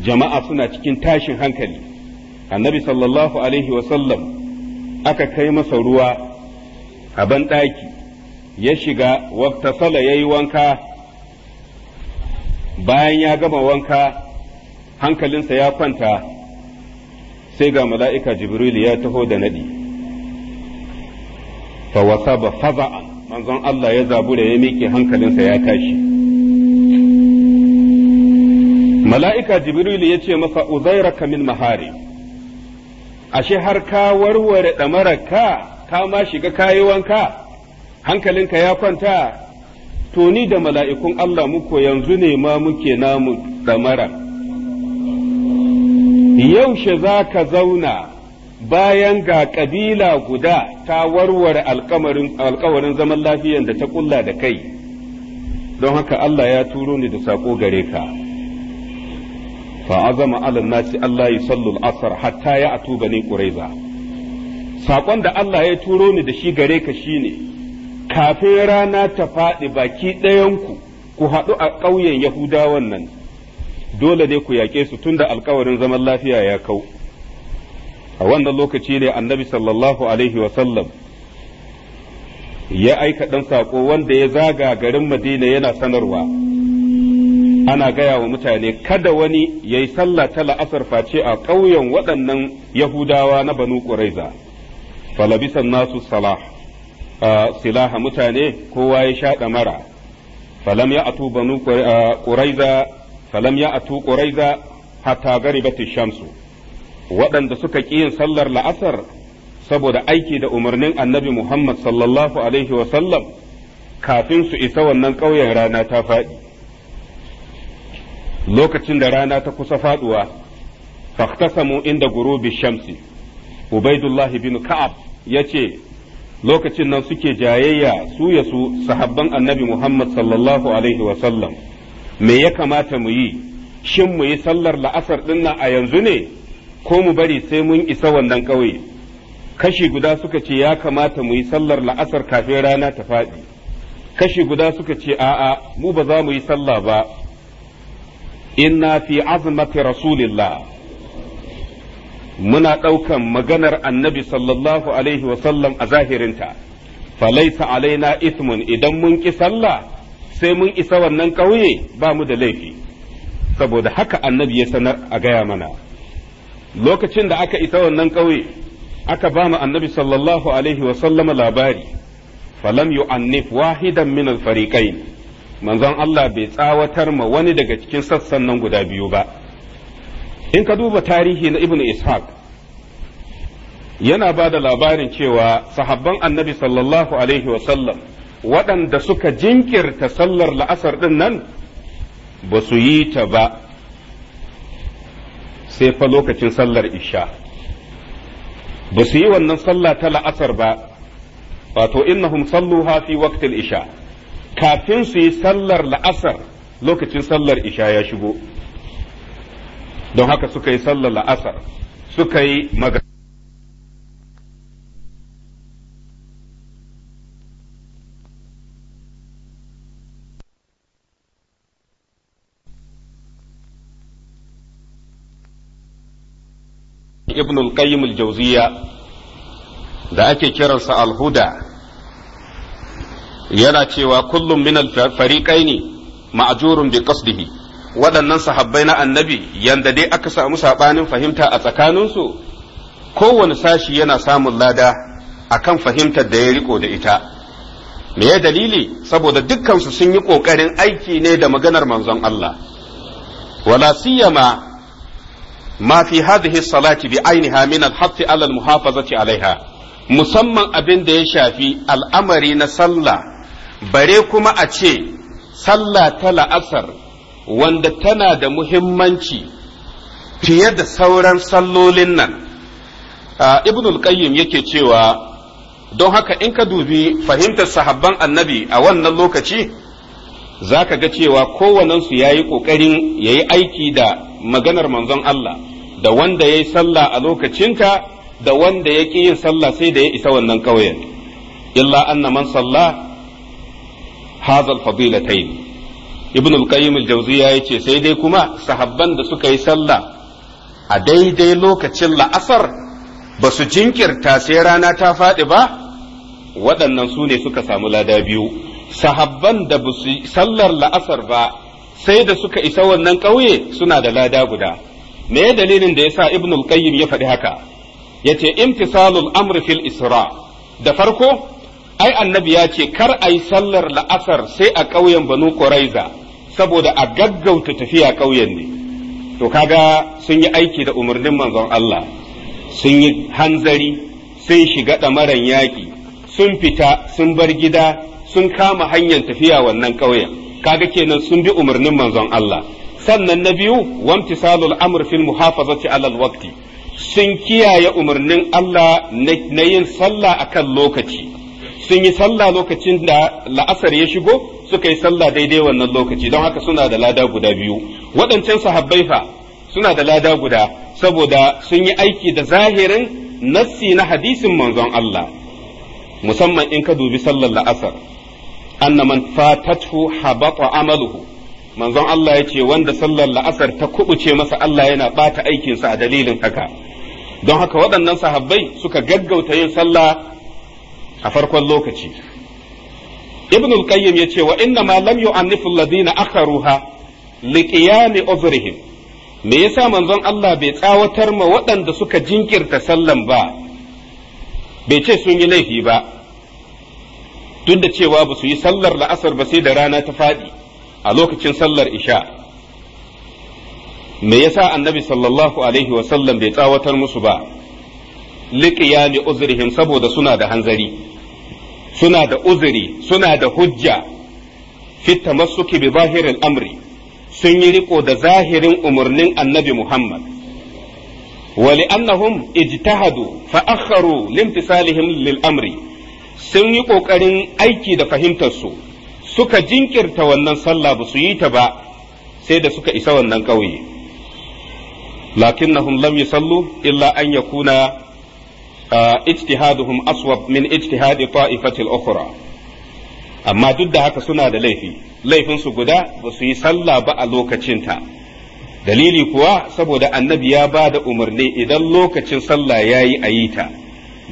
jama'a suna cikin tashin hankali annabi sallallahu alaihi wasallam aka kai masa ruwa a banɗaki ya shiga waktasala ya yi wanka bayan ya gama wanka hankalinsa ya kwanta sai ga mala'ika jibril ya taho da naɗi wasa ba faza'an manzon Allah ya zabura ya miƙe hankalinsa ya tashi mala'ika jibril ya ce masa uzairaka min mahari ashe har ka warware ɗamararka ka ma shiga kayi wanka hankalinka ya kwanta to ni da mala'ikun Allah muku yanzu ne ma muke namu ɗamara yaushe za ka zauna bayan ga kabila guda ta warware alkawarin zaman lafiyar da ta ƙulla da kai don haka Allah ya turo ni da saƙo gare ka. fa azama ala nasi Allah yusallu al-asr hatta ya atu bani quraiza sakon da Allah ya turo ni da shi gare ka shine kafin rana ta faɗi baki ɗayanku ku haɗu a ƙauyen yahudawan nan dole ne ku yaƙe su tunda alkawarin zaman lafiya ya kau a wannan lokaci ne annabi sallallahu alaihi wasallam ya aika ɗan saƙo wanda ya zaga garin madina yana sanarwa ana gaya wa mutane kada wani ya yi sallah ta la'asar face a ƙauyen waɗannan yahudawa na banu ƙuraiza falabisan nasu salah silaha mutane kowa ya sha ɗamara falam ya atu banu ƙuraiza falam ya atu ƙuraiza hatta garibati shamsu waɗanda suka ƙi yin sallar la'asar saboda aiki da umarnin annabi muhammad sallallahu alaihi wasallam kafin su isa wannan ƙauyen rana ta faɗi lokacin da rana ta kusa faduwa faktasamu inda gurubi shamsi ubaidullah bin ka'ab ya ce lokacin nan suke jayayya su ya su sahabban annabi muhammad sallallahu alaihi wasallam me ya kamata mu yi shin mu yi sallar la'asar ɗin a yanzu ne ko mu bari sai mun isa wannan ƙauye kashi guda suka ce ya kamata mu yi sallar la'asar kafin rana ta faɗi kashi guda suka ce a'a mu ba za mu yi sallah ba inna fi azmati rasulillah muna ɗaukan maganar annabi sallallahu alaihi wasallam a zahirinta falaisa alaina ismun idan mun ki sallah sai mun isa wannan ƙauye ba mu da laifi saboda haka annabi ya sanar a gaya mana lokacin da aka isa wannan ƙauye aka ba mu annabi sallallahu alaihi wasallama labari falam yu'annif wahidan min al-fariqain manzon Allah bai tsawatar ma wani daga cikin sassan nan guda biyu ba in ka duba tarihi na ibnu ishaq yana ba da labarin cewa sahabban annabi sallallahu alaihi wasallam waɗanda suka jinkirta sallar la'asar ɗin nan ba su yi ta ba sai fa lokacin sallar isha ba su yi wannan sallah ta la'asar ba wato innahum salluha fi waqtil isha kafin su yi sallar la'asar lokacin sallar isha ya shigo don haka suka yi sallar la'asar suka yi magana ابن القيم الجوزية al-jawziya da ake yana cewa kullum min al-fariqaini ma'jurun bi qasdihi waɗannan sahabbai na annabi yanda dai aka samu saɓanin fahimta a tsakaninsu kowane sashi yana samun lada akan fahimtar da ya riko da ita me ya dalili saboda dukkansu sun yi ƙoƙarin aiki ne da maganar manzon Allah wala siyama ma fi hadhihi salati bi ainiha min al-hafi ala al-muhafazati alaiha musamman abin da ya shafi al'amari na sallah bare kuma a ce sallah ta la'asar wanda tana da muhimmanci fiye da sauran sallolin nan ibnul qayyim yake cewa don haka in ka dubi fahimtar sahabban annabi a wannan lokaci za ka ga cewa kowanensu ya yi ƙoƙarin ya yi aiki da maganar manzon Allah da wanda ya yi sallah a lokacinta da wanda ya ƙi yin sallah sai da ya isa wannan ƙauyen illa anna man sallah hadal fadilatayn ibn al-qayyim al-jawziya yace sai dai kuma sahabban da suka yi sallah a daidai lokacin la'asar ba su jinkirta sai rana ta faɗi ba waɗannan su ne suka samu lada biyu sahabban da basu yi sallar la'asar ba sai da suka isa wannan ƙauye suna da lada guda me dalilin da yasa ibn al ya faɗi haka yace imtisalul amr fil isra da farko ai annabi ya ce kar a yi sallar la'asar sai a ƙauyen banu ƙuraiza saboda a gaggauta tafiya ƙauyen ne to kaga sun yi aiki da umarnin manzon Allah sun yi hanzari sun shiga ɗamaran yaƙi sun fita sun bar gida sun kama hanyar tafiya wannan ƙauyen kaga kenan sun bi umarnin manzon Allah sannan na biyu wamtisalul amr fil muhafazati alal waqti sun kiyaye umarnin Allah na yin sallah akan lokaci sun yi sallah lokacin da la'asar ya shigo suka yi sallah daidai wannan lokaci don haka suna da lada guda biyu waɗancan sahabbai fa suna da lada guda saboda sun yi aiki da zahirin nassi na hadisin manzon Allah musamman in ka dubi sallar la'asar anna man fatathu habata amaluhu manzon Allah ya ce wanda sallar la'asar ta kubuce masa Allah yana bata aikinsa a dalilin haka don haka waɗannan sahabbai suka gaggauta yin sallah a farkon lokaci ibn al-qayyim yace wa inna ma lam yu'annifu alladhina akharuha liqiyami uzrihim me yasa manzon Allah bai tsawatar ma waɗanda suka jinkirta sallan ba bai ce sun yi laifi ba duk da cewa ba su yi sallar la'asar ba sai da rana ta faɗi a lokacin sallar isha me yasa annabi sallallahu alaihi sallam bai tsawatar musu ba liqiyami uzrihim saboda suna da hanzari suna da uzuri suna da hujja fi tamassuki bi zahiril amri sun yi riko da zahirin umarnin annabi Muhammad ولأنهم اجتهدوا فأخروا lil amri sun yi ƙoƙarin aiki da fahimtarsu suka jinkirta wannan sallah ba su yi ta ba sai da suka isa wannan ƙauye lakinnahum lam yusallu illa an yakuna ijtihaduhum aswab min ijtihadi ta'ifatil ukhra amma duk da haka suna da laifi laifinsu guda ba su yi sallah ba a lokacinta dalili kuwa saboda annabi ya ba da umarni idan lokacin sallah ya yi a yi ta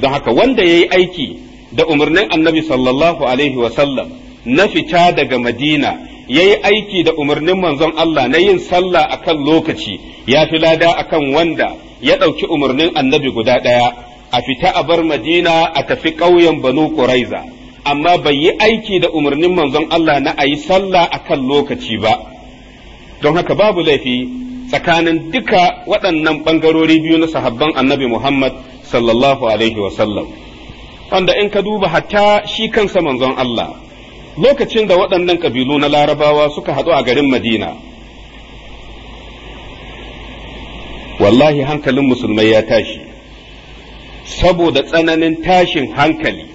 don haka wanda ya yi aiki da umarnin annabi sallallahu alaihi sallam na fita daga madina ya yi aiki da umarnin manzon Allah na yin sallah akan lokaci ya fi lada akan wanda ya ɗauki umarnin annabi guda ɗaya a fita a bar madina a tafi ƙauyen banu ƙuraiza amma bai yi aiki da umarnin manzon Allah na a yi sallah a kan lokaci ba don haka babu laifi tsakanin duka waɗannan ɓangarori biyu na sahabban annabi Muhammad sallallahu alaihi wasallam wanda in ka duba hatta shi kansa manzon Allah lokacin da waɗannan ƙabilu na larabawa suka haɗu a garin madina wallahi hankalin musulmai ya tashi saboda tsananin tashin hankali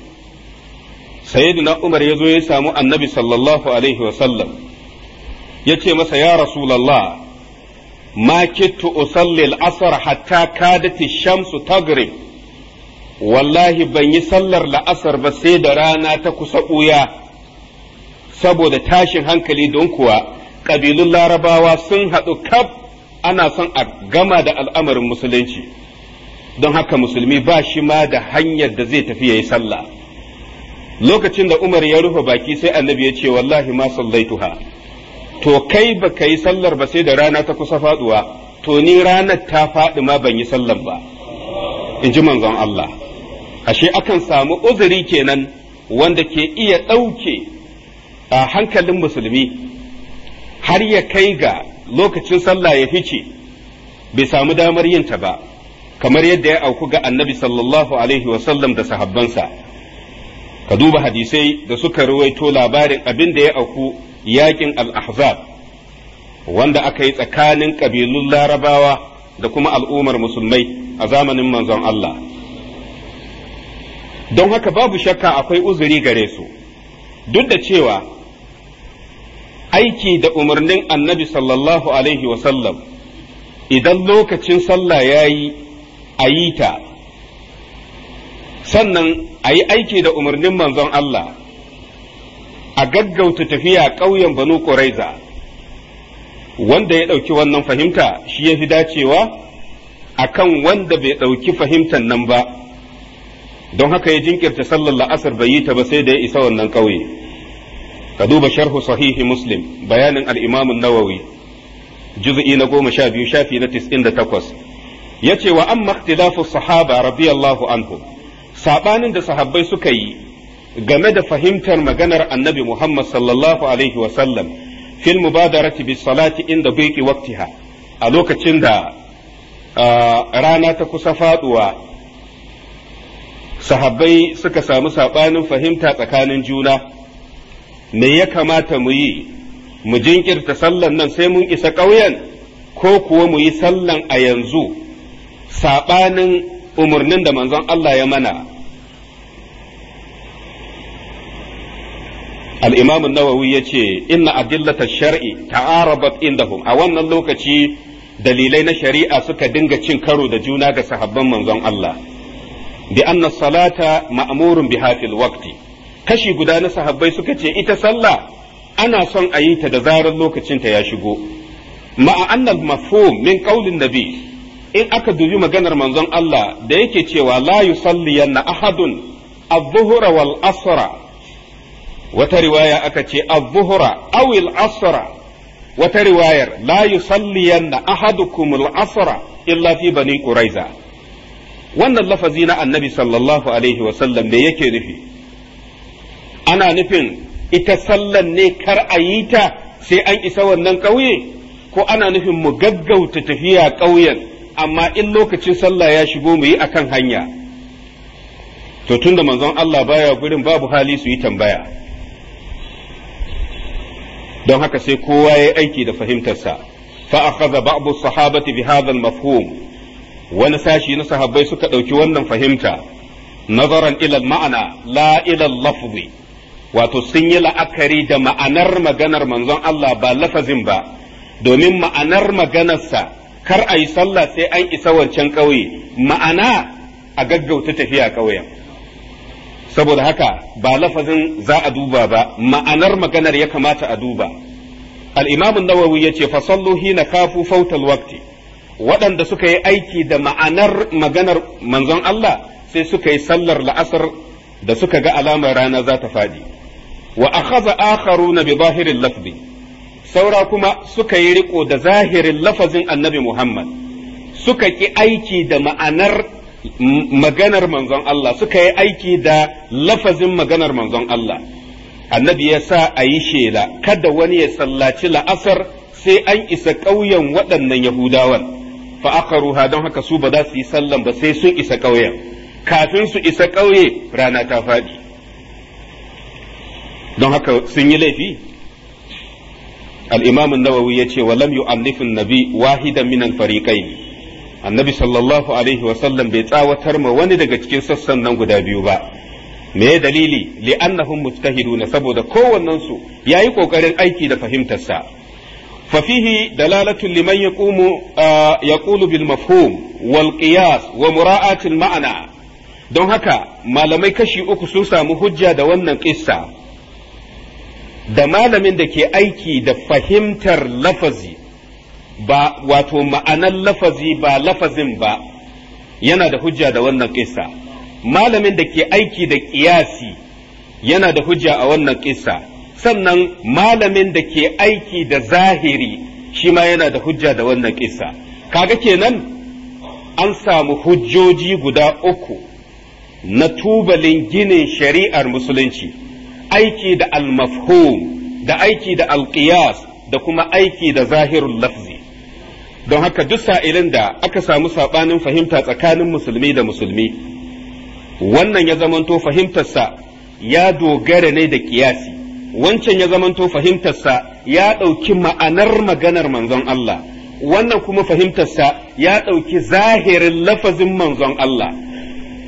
sayyidina umar ya zo ya samu annabi sallallahu alaihi wasallam ya ce masa ya rasulallah ma kittu usalli al-asr hatta kadati shamsu tagrib wallahi ban yi sallar la'asar ba sai da rana ta kusa ɓuya saboda tashin hankali don kuwa ƙabilun larabawa sun haɗu kaf ana son a gama da al'amarin musulunci don haka musulmi ba shi ma da hanyar da zai tafi ya yi sallah lokacin da umar ya rufe baki sai annabi ya ce wallahi ma sallaituha to kai ba ka yi sallar ba sai da rana ta kusa faduwa to ni ranar ta faɗi ma ban yi sallar ba in ji manzon Allah ashe akan samu uzuri kenan wanda ke iya ɗauke a hankalin musulmi har ya kai ga lokacin sallah ya fice bai samu damar yin ta ba kamar yadda ya auku ga annabi sallallahu alaihi wasallam da sahabbansa ka duba hadisai da suka ruwaito labarin abin da ya auku yakin al-ahzab wanda aka yi tsakanin ƙabilun larabawa da kuma al'ummar musulmai a zamanin manzon Allah don haka babu shakka akwai uzuri gare su duk da cewa aiki da umarnin annabi sallallahu alaihi wasallam idan lokacin sallah ya yi a yi ta sannan a yi aiki da umarnin manzon Allah a gaggauta tafiya ƙauyen banu ƙuraiza wanda ya ɗauki wannan fahimta shi ya fi dacewa a kan wanda bai ɗauki fahimtar nan ba don haka ya jinkirta sallar la'asar bai yi ta ba sai da ya isa wannan ƙauye ka duba sharhu sahihi muslim bayanin al'imamun nawawi juz'i na goma sha biyu shafi na tis'in da takwas yace wa an maktidafu sahaba radiyallahu anhu sabanin da sahabbai suka yi game da fahimtar maganar annabi Muhammad sallallahu alaihi wa sallam fil mubadarati bis salati inda biqi waqtiha a lokacin da rana ta kusa faduwa sahabbai suka samu sabanin fahimta tsakanin juna me ya kamata mu yi mu jinkirta sallan nan sai mun isa ƙauyen ko kuwa mu yi sallan a yanzu saɓanin umarnin da manzon Allah ya mana Al'imamin Nawawi ya ce, yace inna adillata shar'i ta'arabat indahum a wannan lokaci dalilai na shari'a suka dinga cin karo da juna ga sahabban manzon Allah bi anna salata ma'amurin biha fil waqti kashi guda na sahabbai suka ce ita sallah ana son a yi ta da zarar lokacin ta ya shigo ma'a annal mafhum min qaulin nabi in aka dubi maganar manzon Allah da yake cewa la yusalliyanna ahadun adh-dhuhra wal asra wata riwaya aka ce adh-dhuhra aw al asra wata riwayar la yusalliyanna ahadukum al asra illa fi bani quraiza wannan lafazi na annabi sallallahu alaihi wa sallam me yake nufi ana nufin ita sallan ne kar a yi ta sai an isa wannan ƙauye ko ana nufin mu gaggauta tafiya ƙauyen amma in lokacin sallah ya shigo mu yi akan hanya to tunda manzon Allah baya gurin babu hali su yi tambaya don haka sai kowa ya aiki da fahimtarsa fa akhadha ba'd sahabati bi hadha al-mafhum wani sashi na sahabbai suka ɗauki wannan fahimta nazaran ila ma'ana la ila lafzi wato sun yi la'akari da ma'anar maganar manzon Allah ba lafazin ba domin ma'anar maganarsa kar a yi sallah sai an isa wancan ƙauye ma'ana a gaggauta tafiya ƙauyen saboda haka ba lafazin za a duba ba ma'anar maganar ya kamata a duba al-imam nawawi ya ce sallu hina kafu fautal wakti waɗanda suka yi aiki da ma'anar maganar manzon Allah sai suka yi sallar la'asar da suka ga alamar rana za ta fadi wa akhadha akharuna bi zahiril lafzi saura kuma suka yi riko da zahirin lafazin annabi Muhammad suka ki aiki da ma'anar maganar manzon Allah suka yi aiki da lafazin maganar manzon Allah annabi ya sa a yi shela kada wani ya sallaci la'asar sai an isa ƙauyen waɗannan yahudawan fa ruha don haka su ba za su yi sallan ba sai sun isa ƙauyen kafin su isa ƙauye rana ta faɗi don haka sun yi laifi al-imam an-nawawi yace wa lam yu'allif an-nabi wahidan min al annabi sallallahu alaihi wa sallam bai tsawatar ma wani daga cikin sassan nan guda biyu ba me dalili li'annahum mujtahiduna saboda kowannen su yi ƙoƙarin aiki da fahimtarsa Fafihi da lalatun liman yaqumu yaqulu bil mafhum wal qiyas wa mura'acin ma'ana. don haka malamai kashi uku sun samu hujja da wannan qissa da malamin da ke aiki da fahimtar lafazi ba wato ma'anar lafazi ba lafazin ba yana da hujja da wannan kisa malamin da ke aiki da kiyasi yana da hujja a wannan kisa sannan malamin da ke aiki da zahiri shi ma yana da hujja da wannan kisa kaga kenan an samu hujjoji guda uku na tubalin ginin shari'ar musulunci aiki da al-mafhum da aiki da al-qiyas da kuma aiki da zahirul lafzi don haka duk sa'ilin da aka samu sabanin fahimta tsakanin musulmi da musulmi wannan ya zamanto fahimtarsa ya dogara ne da kiyasi wancan ya zamanto fahimtarsa ya ɗauki ma'anar maganar manzon Allah wannan kuma fahimtarsa ya ɗauki zahirin lafazin manzon Allah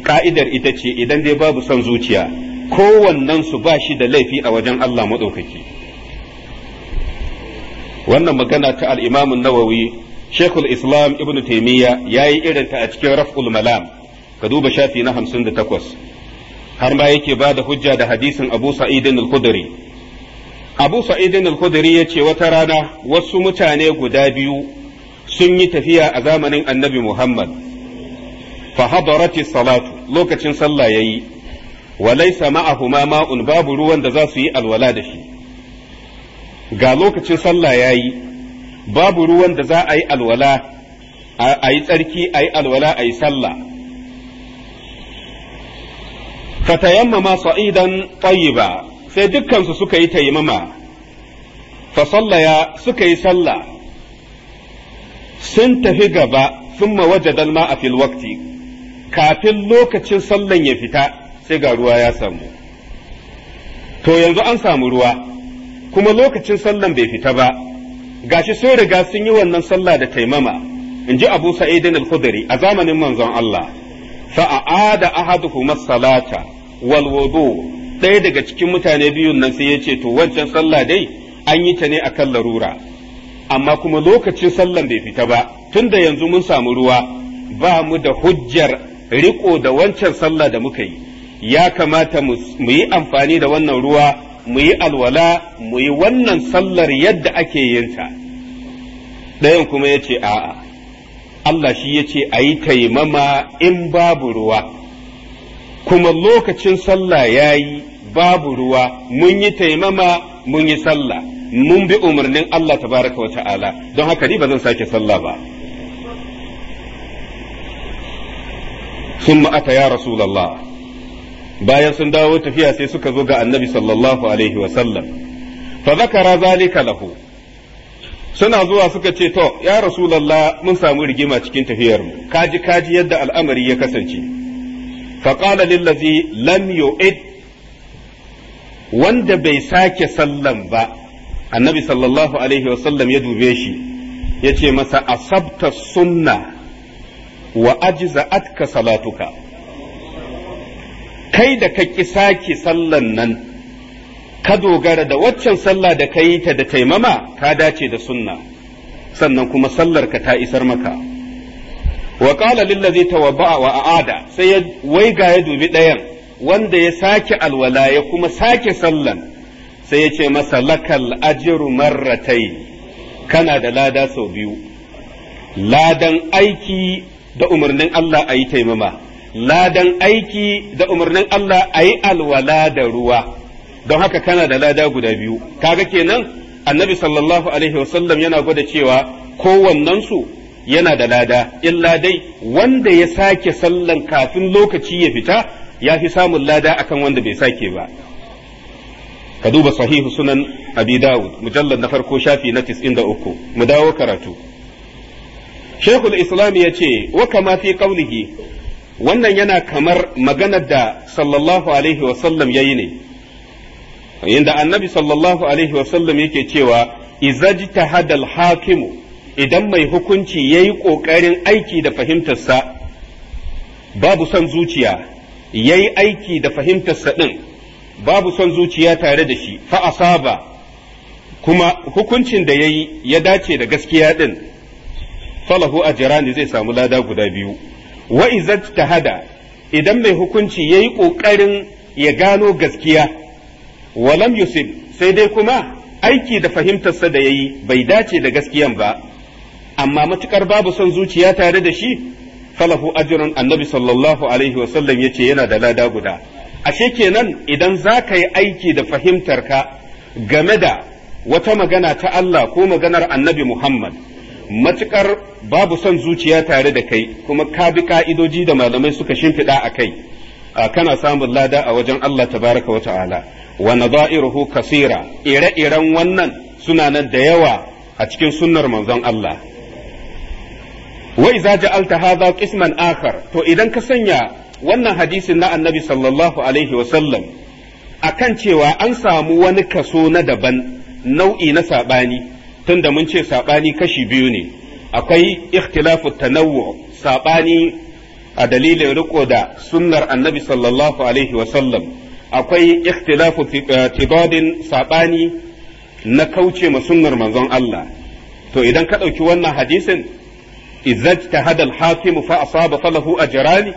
ka'idar ita ce idan dai babu son zuciya kowannen su ba shi da laifi a wajen Allah maɗaukaki wannan magana ta al-Imam nawawi Sheikhul Islam Ibn taimiyya yayi yi irinta a cikin Raf'ul Malam ka duba shafi na hamsin da takwas. har ma yake ba da hujja da hadisin Abu Sa'id al Abu Sa'id al ya yace wata rana wasu mutane guda biyu sun yi tafiya a zamanin Annabi Muhammad fa hadarati salatu lokacin sallah yayi walaysa ma'ahuma ma'un babu ruwan da za su yi alwala da shi ga lokacin sallah yayi babu ruwan da za a yi alwala a yi tsarki a yi alwala a yi sallah fatayammama sa'idan tayyiba sai dukansu suka yi taimama fa sallaya suka yi sallah sun tafi gaba sun mawajadal ma a fil kafin lokacin sallan ya fita sai ga ruwa ya samu to yanzu an samu ruwa kuma lokacin sallan bai fita ba gashi sun riga sun yi wannan sallah da taimama in ji abu sa'idin al-khudri a zamanin manzon Allah fa'ada ahaduhuma salata wal wudu ɗaya daga cikin mutane biyun nan sai yace to wancan sallah dai an yi ta ne akan larura amma kuma lokacin sallan bai fita ba tun da yanzu mun samu ruwa ba mu da hujjar riko da wancan sallah da muka yi ya kamata mu yi amfani da wannan ruwa mu yi alwala mu yi wannan sallar yadda ake yin ta ɗayan kuma ya ce a'a Allah shi ya ce a yi taimama in babu ruwa kuma lokacin sallah ya yi babu ruwa mun yi taimama mun yi sallah mun bi umarnin Allah tabaraka wa ta'ala don haka ni ba zan sake sallah ba ثم أتى يا رسول bayan sun dawo tafiya sai suka zo ga annabi sallallahu alaihi wasallam fa zakara zalika lahu suna zuwa suka ce to ya rasulallah mun samu rigima cikin tafiyar mu kaji kaji yadda al'amari ya kasance fa qala lillazi lam yu'id wanda bai sake sallan ba annabi sallallahu alaihi wasallam ya dube shi ya ce masa asabta sunna wa atka salatuka kai da ka ƙi sake sallan nan ka dogara da waccan sallah da ka yi ta da taimama ka dace da sunna sannan kuma sallar ka ta isar maka wa qala ladhi tawabba'a wa aada sai ya ga ya dubi ɗayan wanda ya sake alwala ya kuma sake sallan sai ya ce masa lakal ajiru marratai kana da lada sau biyu ladan aiki da umarnin Allah a yi taimama ladan aiki da umarnin Allah a yi alwala da ruwa don haka kana da lada guda biyu kaga kenan annabi sallallahu alaihi wasallam yana gwada cewa kowannensu yana da lada illa dai wanda ya sake sallan kafin lokaci ya fita ya fi samun lada akan wanda bai sake ba ka duba sahihu sunan abi dawud mujallar na farko shafi na 93 mu dawo karatu shaykhul islam ya ce wa kama fi qawlihi wannan yana kamar maganar da sallallahu alaihi wasallam ya yi ne inda annabi sallallahu alaihi wasallam yake cewa izajta hadal hakimu idan mai hukunci ya yi ƙoƙarin aiki da fahimtarsa babu son zuciya ya yi aiki da fahimtarsa ɗin babu son zuciya tare da shi fa'asaba kuma hukuncin da ya yi ya dace da gaskiya ɗin falahu a zai samu lada guda biyu wa izat tahada idan mai hukunci yayi kokarin ya gano gaskiya walam yusib sai dai kuma aiki da fahimtarsa da yayi bai dace da gaskiyan ba amma matukar babu son zuciya tare da shi falahu ajrun annabi sallallahu alaihi wasallam yace yana da lada guda ashe kenan idan za ka yi aiki da fahimtarka game da wata magana ta Allah ko maganar annabi Muhammad Matuƙar babu son zuciya tare da kai kuma ka bi ka'idoji da malamai suka shimfiɗa a kai kana samun lada a wajen Allah tabaraka wa ta'ala wa nadha'iruhu kasira ire-iren wannan suna nan da yawa a cikin sunnar manzon Allah wa idza ja'alta hadha qisman akhar to idan ka sanya wannan hadisin na annabi sallallahu alaihi wa sallam akan cewa an samu wani kaso na daban nau'i na sabani tunda mun ce saɓani kashi biyu ne akwai ikhtilafu tanawwu saɓani a dalilin riko da sunnar annabi sallallahu alaihi wasallam akwai ikhtilafu tidadin eh, saɓani na kauce ma sunnar manzon Allah to idan ka ɗauki wannan hadisin izajtahada al-hakimu fa asaba falahu ajrani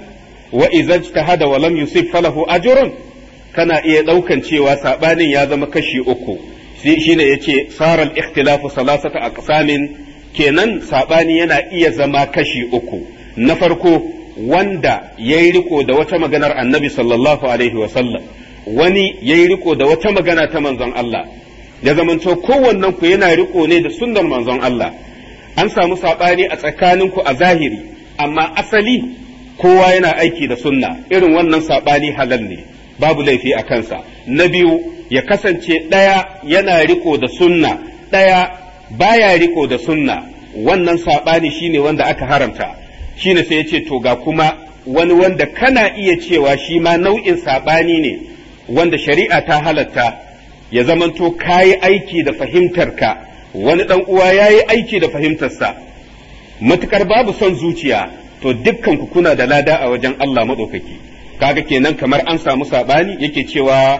wa izajtahada wa lam yusib falahu ajrun kana iya ɗaukan cewa saɓanin ya zama kashi uku shi ya ce saral ikhtilafu salasata aqsamin kenan saɓani yana iya zama kashi uku na farko wanda yayi riko da wata maganar annabi sallallahu alaihi wa sallam wani yayi riko da wata magana ta manzon Allah ya zamanto kowannen ku yana riko ne da sunan manzon Allah an samu saɓani a tsakanin ku a zahiri amma asali kowa yana aiki da sunna irin wannan saɓani halal ne babu laifi a kansa na biyu ya kasance ɗaya yana riko da sunna ɗaya baya riko da sunna wannan saɓani shine wanda aka haramta shine sai ya ce to ga kuma wani wanda kana iya cewa shi ma nau'in saɓani ne wanda shari'a ta halatta ya zamanto yi aiki da fahimtarka wani ɗan uwa ya yi aiki da fahimtarsa matukar babu son zuciya to dukkan ku kuna da lada a wajen Allah maɗaukaki kaga kenan kamar an samu saɓani yake cewa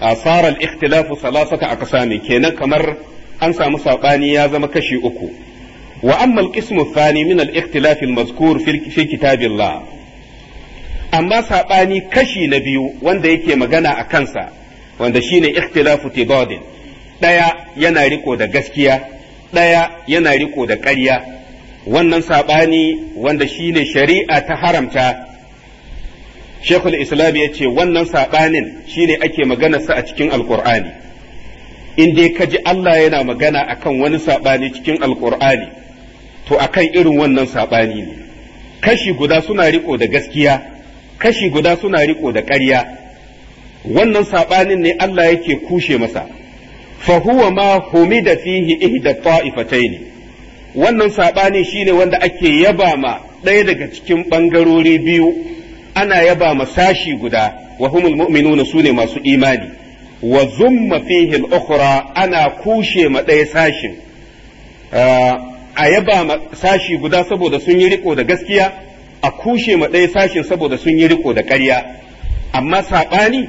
Asarar al-ikhtilafu salasata aqsami kenan kamar an samu saɓani ya zama kashi uku wa amma al-qismu thani min al-ikhtilaf al-mazkur fi amma saɓani kashi na biyu wanda yake magana a kansa wanda shine ikhtilafu tibadin ɗaya yana riko da gaskiya ɗaya yana riko da ƙarya wannan saɓani wanda shine shari'a ta haramta shekul islam ya ce wannan saɓanin shine ake maganarsa a cikin alkur'ani in dai ka ji Allah yana magana akan wani saɓani cikin alkur'ani to akan irin wannan saɓani ne kashi guda suna riko da gaskiya kashi guda suna riko da ƙarya wannan saɓanin ne Allah yake kushe masa fa huwa ma humida fihi ihda ta'ifatayn wannan saɓani shine wanda ake yaba ma ɗaya daga cikin ɓangarori biyu ana yaba ma sashi guda wa humul mu'minuna sune masu imani wa zumma fihi al-ukhra ana kushe ma ɗaya sashin ah, a yaba ma sashi guda saboda sun yi riko da gaskiya a kushe ma ɗaya sashin saboda sun yi riko da ƙarya amma saɓani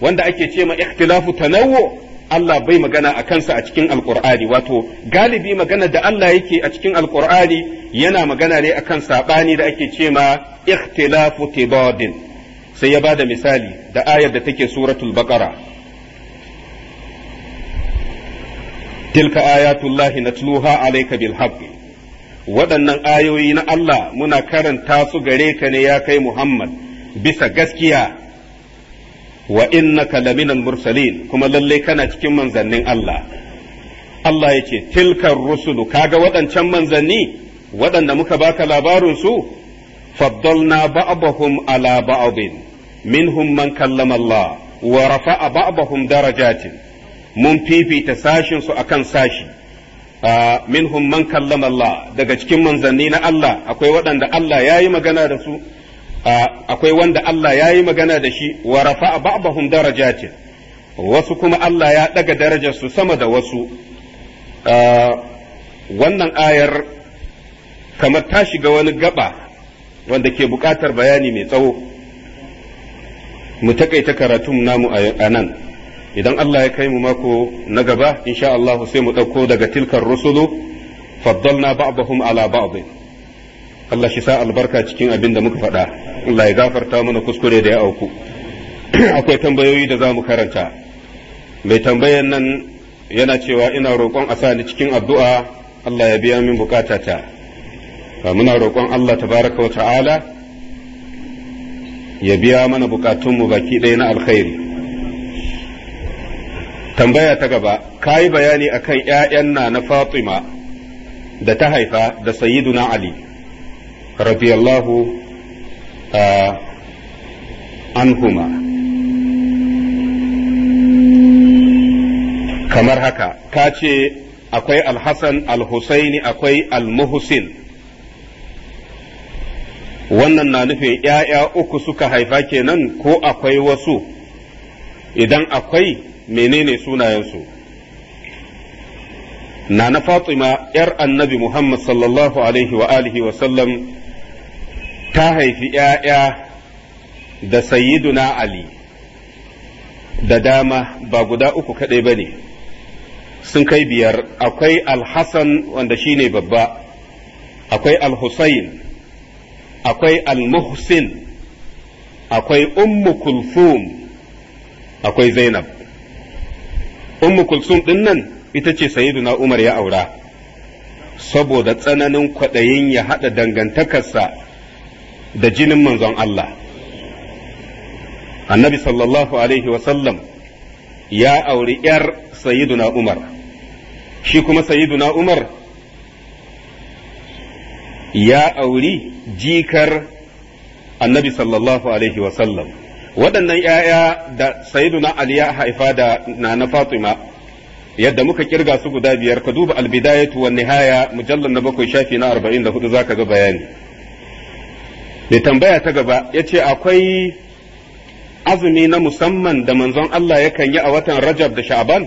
wanda ake ce ma ikhtilafu tanawwu Allah bai magana a kansa a cikin alkur'ani wato galibi magana da Allah yake a cikin alkur'ani yana magana ne akan sabani da ake ce ma ikhtilafu tibadin sai ya bada misali da ayar da take suratul baqara tilka ayatullahi natluha alayka bil haqqi waɗannan ayoyi na Allah muna karanta su gare ka ne ya kai Muhammad bisa gaskiya wa innaka laminal mursalin kuma lalle kana cikin manzannin Allah Allah ya ce tilkar rusulu kaga waɗancan manzanni waɗanda muka baka labarin su faddalna ba'dahum ala ba'din minhum man kallama Allah wa rafa'a ba'dahum darajatin mun fifita sashin su akan sashi ah, minhum man kallama Allah daga cikin manzanni na Allah akwai waɗanda Allah ya yi magana da su akwai wanda Allah ya yi magana da shi wa a daraja darajatin wasu kuma Allah ya daga su sama da wasu wannan ayar kamar ta shiga wani gaba wanda ke buƙatar bayani mai tsawo mu takaita karatun namu a nan idan Allah ya kai mu mako na gaba insha Allah sai mu ɗauko daga tilkar rusulu faddalna ba'dahum ala ba'd Allah shi sa albarka cikin abin da muka faɗa Allah ya gafarta mana kuskure da ya auku akwai tambayoyi da za mu karanta mai tambayan nan yana cewa ina roƙon a sani cikin addu'a Allah ya biya min bukatata muna roƙon Allah tabaraka wa ta'ala ya biya mana bukatunmu baki ɗaya na alkhairi tambaya ta gaba ka yi bayani kan ‘ya'yan na na fatima da ta haifa da sayyiduna ali radiyallahu anhuma kamar haka ka ce akwai alhassan alhussaini akwai almuhsin wannan na nufin ‘ya'ya uku suka haifa kenan ko akwai wasu idan akwai menene sunayensu na na fatima ‘yar annabi Muhammad sallallahu alaihi wa alihi sallam ta haifi ‘ya'ya da sayyiduna Ali da dama ba guda uku kaɗai ba ne, sun kai biyar akwai Alhassan wanda shi ne babba, akwai Alhussain, akwai Almuhsin, akwai Ummu Kulfum, akwai Zainab. Ummu Kulsum ɗin nan ita ce sayyiduna Umar ya aura, saboda tsananin kwaɗayin ya haɗa dangantakarsa. da jinin manzon Allah annabi sallallahu alaihi wasallam ya auri ‘yar Sayyiduna Umar shi kuma Sayyiduna Umar ya auri jikar annabi sallallahu alaihi wasallam waɗannan ‘ya'ya da Sayyiduna Ali ya haifa da na Fatima yadda muka kirga su guda biyar ka duba albidayatu wa nihaya mujallar na bakwai shafi na arba'in da hudu za ka ga bayani. mai tambaya ta gaba ya ce akwai azumi na musamman da manzon Allah yakan yi a watan Rajab da Sha'aban.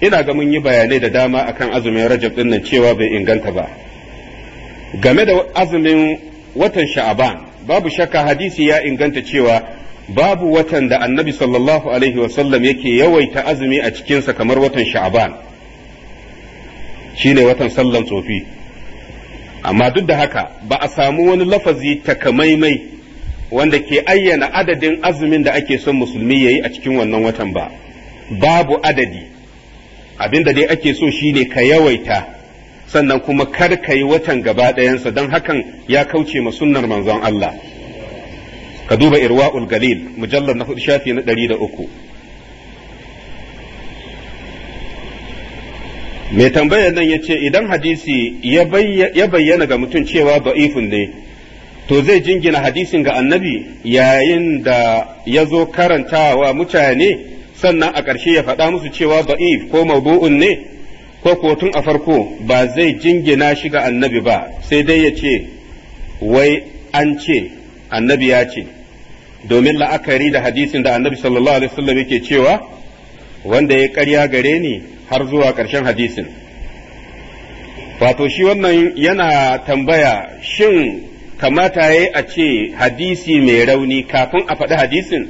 Ina ga mun yi bayanai da dama akan azumin Rajab din nan cewa bai inganta ba. Game da azumin watan Sha'aban babu shakka hadisi ya inganta cewa babu watan da annabi sallallahu Alaihi wasallam yake yawaita azumi a cikinsa kamar watan Sha'aban shine watan sallan tsofi. amma duk da haka ba a samu wani lafazi takamaimai wanda ke ayyana adadin azumin da ake son musulmi ya yi a cikin wannan watan ba babu adadi abin da dai ake so shine ka yawaita sannan kuma kar ka yi watan gaba ɗayansa don hakan ya kauce ma sunnar manzon Allah ka duba irwa'ul galil mujallar na shafi na ɗari da uku mai tambayar nan ya ce idan hadisi ya bayyana ga mutum cewa ba'ifin ne to zai jingina hadisin ga annabi yayin da ya zo karanta wa mutane sannan a ƙarshe ya faɗa musu cewa ba'if ko maudu'un ne ko kotun a farko ba zai jingina shi ga annabi ba sai dai ya ce wai an ce annabi ya ce domin la'akari da hadisin da annabi sallallahu alaihi wasallam yake cewa wanda ya karya gare ni har zuwa ƙarshen hadisin wato shi wannan yana tambaya shin kamata ya a ce hadisi mai rauni kafin a faɗi hadisin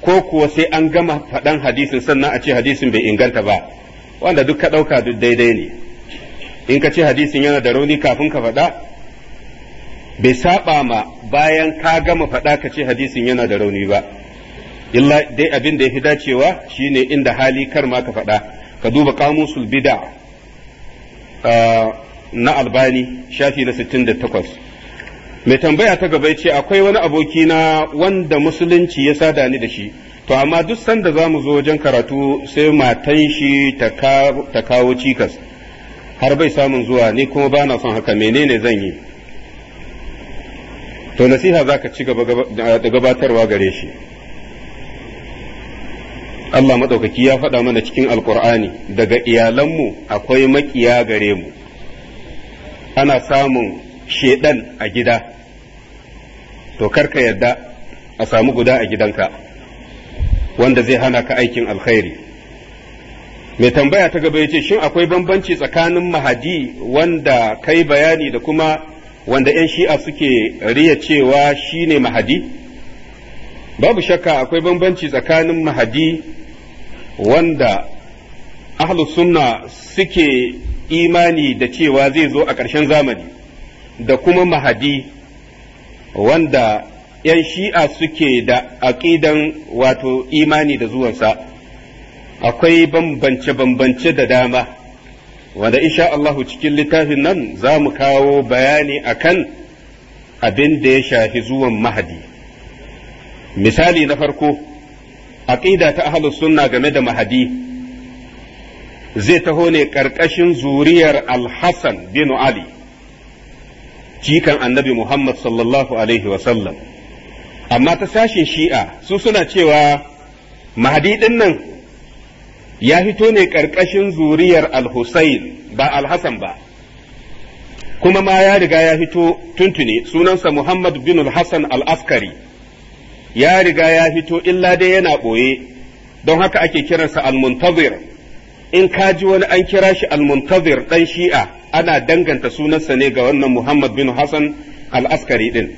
ko kuwa sai an gama faɗan hadisin sannan a ce hadisin bai inganta ba wanda duk ka ɗauka duk daidai ne in ka ce hadisin yana da rauni kafin ka faɗa bai saɓa ma bayan ka gama faɗa ka ce hadisin yana da rauni ba illa dai abin da ya fi dacewa shine inda hali kar ma ka faɗa ka duba kamusul bida ah, na albani shafi na 68 mai tambaya ta gaba ce akwai wani aboki na wanda musulunci ya sada ni da shi to amma duk sanda za mu zo wajen karatu sai matan shi ta kawo cikas har bai samun zuwa ni kuma ba na son haka menene zan yi to nasiha za ka ci gaba da gabatarwa gare shi Allah maɗaukaki ya faɗa mana cikin alkur'ani daga iyalanmu akwai maƙiya gare mu ana samun shedan a gida to karka yadda a samu guda a gidanka wanda zai hana ka aikin alkhairi mai tambaya ta gaba ya ce shin akwai bambanci tsakanin mahadi wanda kai bayani da kuma wanda 'yan shi'a suke riya cewa shine mahadi babu shakka akwai bambanci tsakanin mahadi wanda ahlus sunna suke imani da cewa zai zo a ƙarshen zamani da kuma mahadi wanda 'yan shi'a suke da aƙidan wato imani da zuwansa akwai bambance-bambance da dama wanda insha Allahu cikin littafin nan za mu kawo bayani akan abin da ya shafi zuwan mahadi misali na farko aqida ta ahlus sunna game da mahadi zai taho ne ƙarƙashin zuriyar al hasan bin Ali cikan annabi Muhammad sallallahu alaihi wasallam amma ta sashin shi'a su suna cewa mahadi ɗin nan ya fito ne ƙarƙashin zuriyar al-Husayn ba al hasan ba kuma ma ya riga ya fito tuntuni sunansa Muhammad bin al-Hassan al-Askari ya riga ya fito illa dai yana ɓoye don haka ake kiransa almuntazir in ka ji wani an kira shi almuntazir ɗan shi'a ana danganta sunansa ne ga wannan muhammad bin hassan al-askari ɗin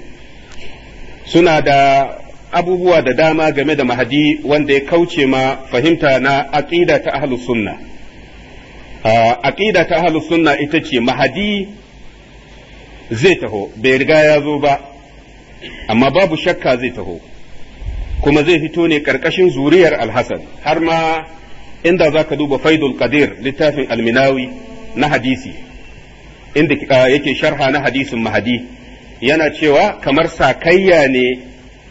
suna da abubuwa da dama game da mahadi wanda ya kauce ma fahimta na aqida ta ahlus sunna ah, aqida ta ahlus sunna ita ce mahadi zai taho bai riga ya zo ba amma babu shakka zai taho kuma zai fito ne ƙarƙashin zuriyar alhassan har ma inda za ka duba faidul qadir littafin alminawi na hadisi inda uh, yake sharha na hadisin mahadi yana cewa kamar sakayya ne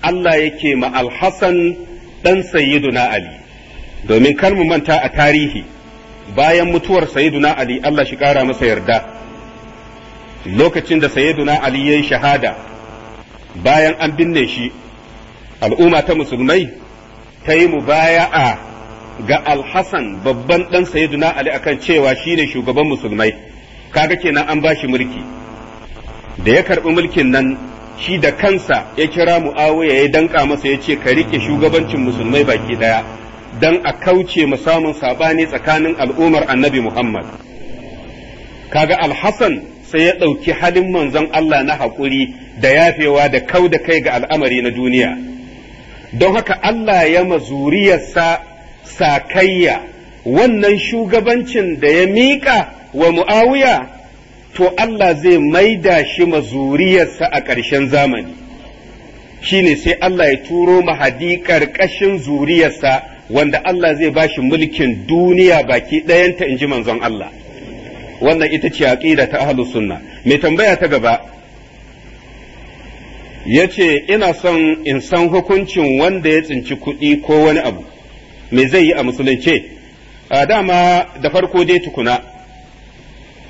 Allah yake ma alhassan ɗan sayyiduna ali domin kar mu manta a tarihi bayan mutuwar sayyiduna ali Allah shi ƙara masa yarda lokacin da sayyiduna ali ya yi shahada bayan an binne shi al'umma ta musulmai ta yi mubaya'a ga alhassan babban ɗan sayyiduna ali akan cewa shine shugaban musulmai kaga kenan an bashi mulki da ya karɓi mulkin nan shi da kansa ya kira mu'awiya ya danka masa ya ce ka riƙe shugabancin musulmai baki ɗaya don a kauce mu samun saɓani tsakanin al'ummar annabi muhammad kaga alhassan sai ya ɗauki halin manzon Allah na haƙuri da yafewa da kau da kai ga al'amari na duniya don haka Allah ya mazuriyarsa sakayya wannan shugabancin da ya miƙa wa mu'awiya to Allah zai maida shi mazuriyarsa a ƙarshen zamani shine sai Allah ya turo mahadi ƙarƙashin zuriyarsa wanda Allah zai ba shi mulkin duniya baki ɗayanta in ji manzon Allah wannan ita ce ƙida ta ahlus sunna mai tambaya ta gaba ya ce ina son in san hukuncin wanda ya tsinci kuɗi ko wani abu me zai yi a musulunce a dama da farko dai tukuna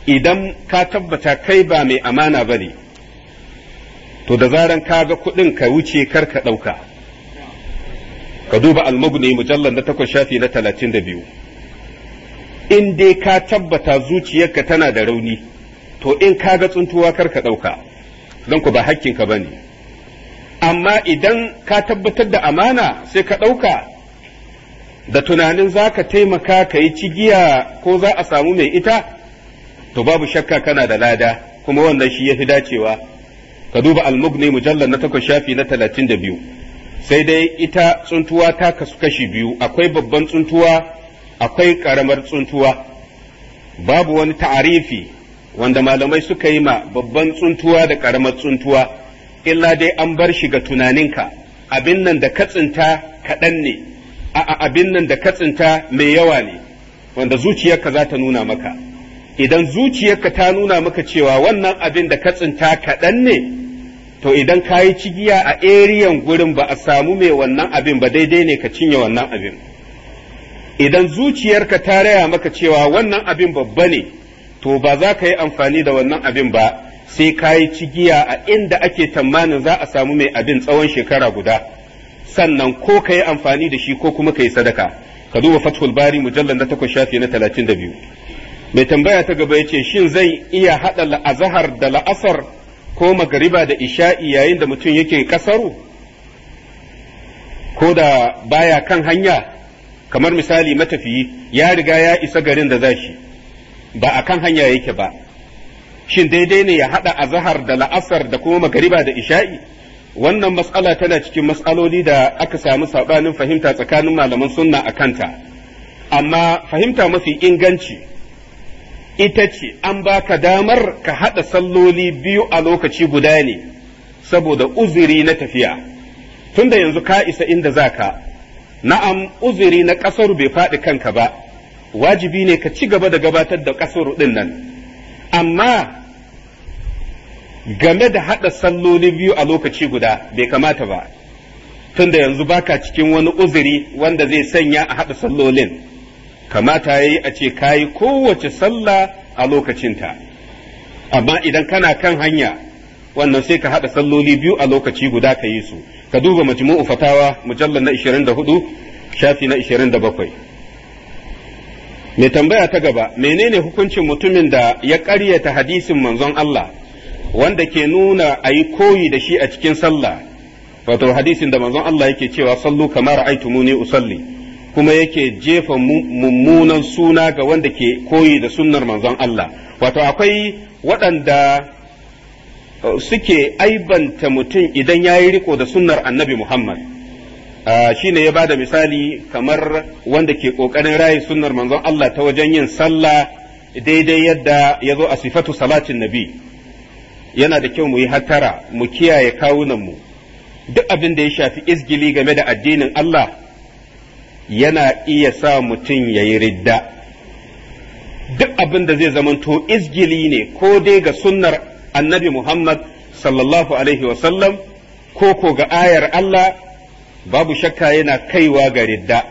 idan ka tabbata kai ba mai amana ba ne to da zaran ka ga kuɗin ka wuce kar ka ɗauka ka duba almaguni mujallar na takwas shafi na talatin da biyu in dai ka tabbata zuciyarka tana da rauni to in ka ga tsuntuwa kar ka ɗauka don ku ba hakkinka ba ne amma idan ka tabbatar da amana sai ka ɗauka da tunanin za ka taimaka ka yi cigiya ko za a samu mai ita to babu shakka kana da lada kuma wannan shi ya fi dacewa ka duba almugni mujallar na takwas shafi na talatin da biyu sai dai ita tsuntuwa ta kasu kashi biyu akwai babban tsuntuwa akwai karamar tsuntuwa babu wani ta'arifi wanda malamai suka yi ma babban tsuntuwa da karamar tsuntuwa illa dai an bar shi ga tunaninka abin nan da katsinta kaɗan ne a abin nan da katsinta mai yawa ne wanda zuciyarka za ta nuna maka idan zuciyarka ta nuna maka cewa wannan abin da katsinta kaɗan ne to idan ka yi cigiya a eriyan gurin ba a samu mai wannan abin ba daidai ne ka cinye wannan abin idan zuciyarka ta raya maka cewa wannan abin babba ne to ba za ka yi amfani da wannan abin ba sai ka yi cigiya a inda ake tamanin za a samu mai abin tsawon shekara guda sannan ko ka yi amfani da shi ko kuma ka yi sadaka ka duba fathul bari mujallar na takwas shafi na talatin da biyu mai tambaya ta gaba ya ce shin zai iya haɗa la'azahar da la'asar ko magariba da isha'i yayin da mutum yake kasaru ko da baya kan hanya kamar misali matafiyi ya riga ya isa garin da zashi ba a kan hanya yake ba shin daidai ne ya haɗa azahar da la'asar da kuma magariba da isha'i wannan matsala tana cikin matsaloli da aka samu saɓanin fahimta tsakanin malaman sunna a kanta amma fahimta mafi inganci ita ce an baka damar ka haɗa salloli biyu a lokaci guda ne saboda uzuri na tafiya tunda yanzu ka isa inda za ka na'am uzuri na ƙasar bai faɗi kanka ba wajibi ne ka ci gaba da gabatar da ƙasar ɗin nan amma game da haɗa salloli biyu a lokaci guda bai kamata ba tunda yanzu baka cikin wani uzuri wanda zai sanya a haɗa sallolin kamata ya yi a ce kayi kowace sallah a lokacinta amma idan kana kan hanya wannan sai ka haɗa salloli biyu a lokaci guda ka yi su ka duba majmu'u fatawa mujallar na 24 shafi na 27 mai tambaya ta gaba menene hukuncin mutumin da ya ƙaryata hadisin manzon Allah wanda ke nuna a yi koyi da shi a cikin sallah wato hadisin da manzon Allah yake cewa sallu kamar aitumuni usalli kuma yake jefa mummunan suna ga wanda ke koyi da sunnar manzon Allah wato akwai waɗanda uh, suke aibanta mutum idan ya yi riko da sunnar annabi Muhammad Ah, shi ne ya ba da misali kamar wanda ke ƙoƙarin raye sunnar manzon Allah ta wajen yin sallah daidai yadda ya zo a sifatu salatin nabi yana da kyau mu yi hattara mu kiyaye kawunanmu duk abin da ya shafi izgili game da addinin Allah yana iya sa mutum ya yi ridda duk abin da zai zamanto izgili ne ko dai ga sunnar annabi Muhammad sallallahu alaihi wasallam ko ko ga ayar Allah babu shakka yana kaiwa ga ridda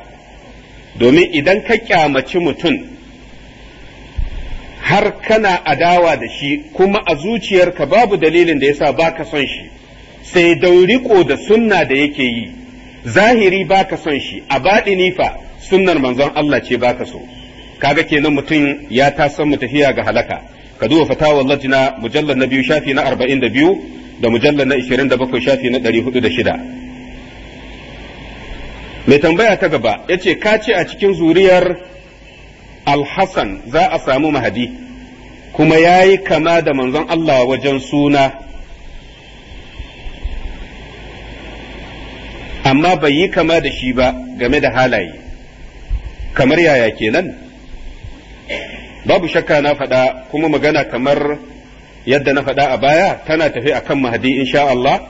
domin idan ka kyamaci mutum har kana adawa da shi kuma a zuciyarka babu dalilin da yasa baka son shi sai dauriko da sunna da yake yi zahiri baka son shi a baɗi nifa sunnar manzon Allah ce baka so kaga kenan mutum ya san mu tafiya ga halaka ka duba fatawar lajina mujallar na biyu shafi na arba'in da biyu mujallar na ishirin shafi na ɗari mai tambaya ta gaba ya ce ka ce a cikin zuriyar alhassan za a samu mahadi kuma ya yi kama da manzon Allah wajen suna amma bai yi kama da shi ba game da halaye kamar yaya kenan babu shakka na faɗa kuma magana kamar yadda na faɗa a baya tana tafi akan mahadi insha Allah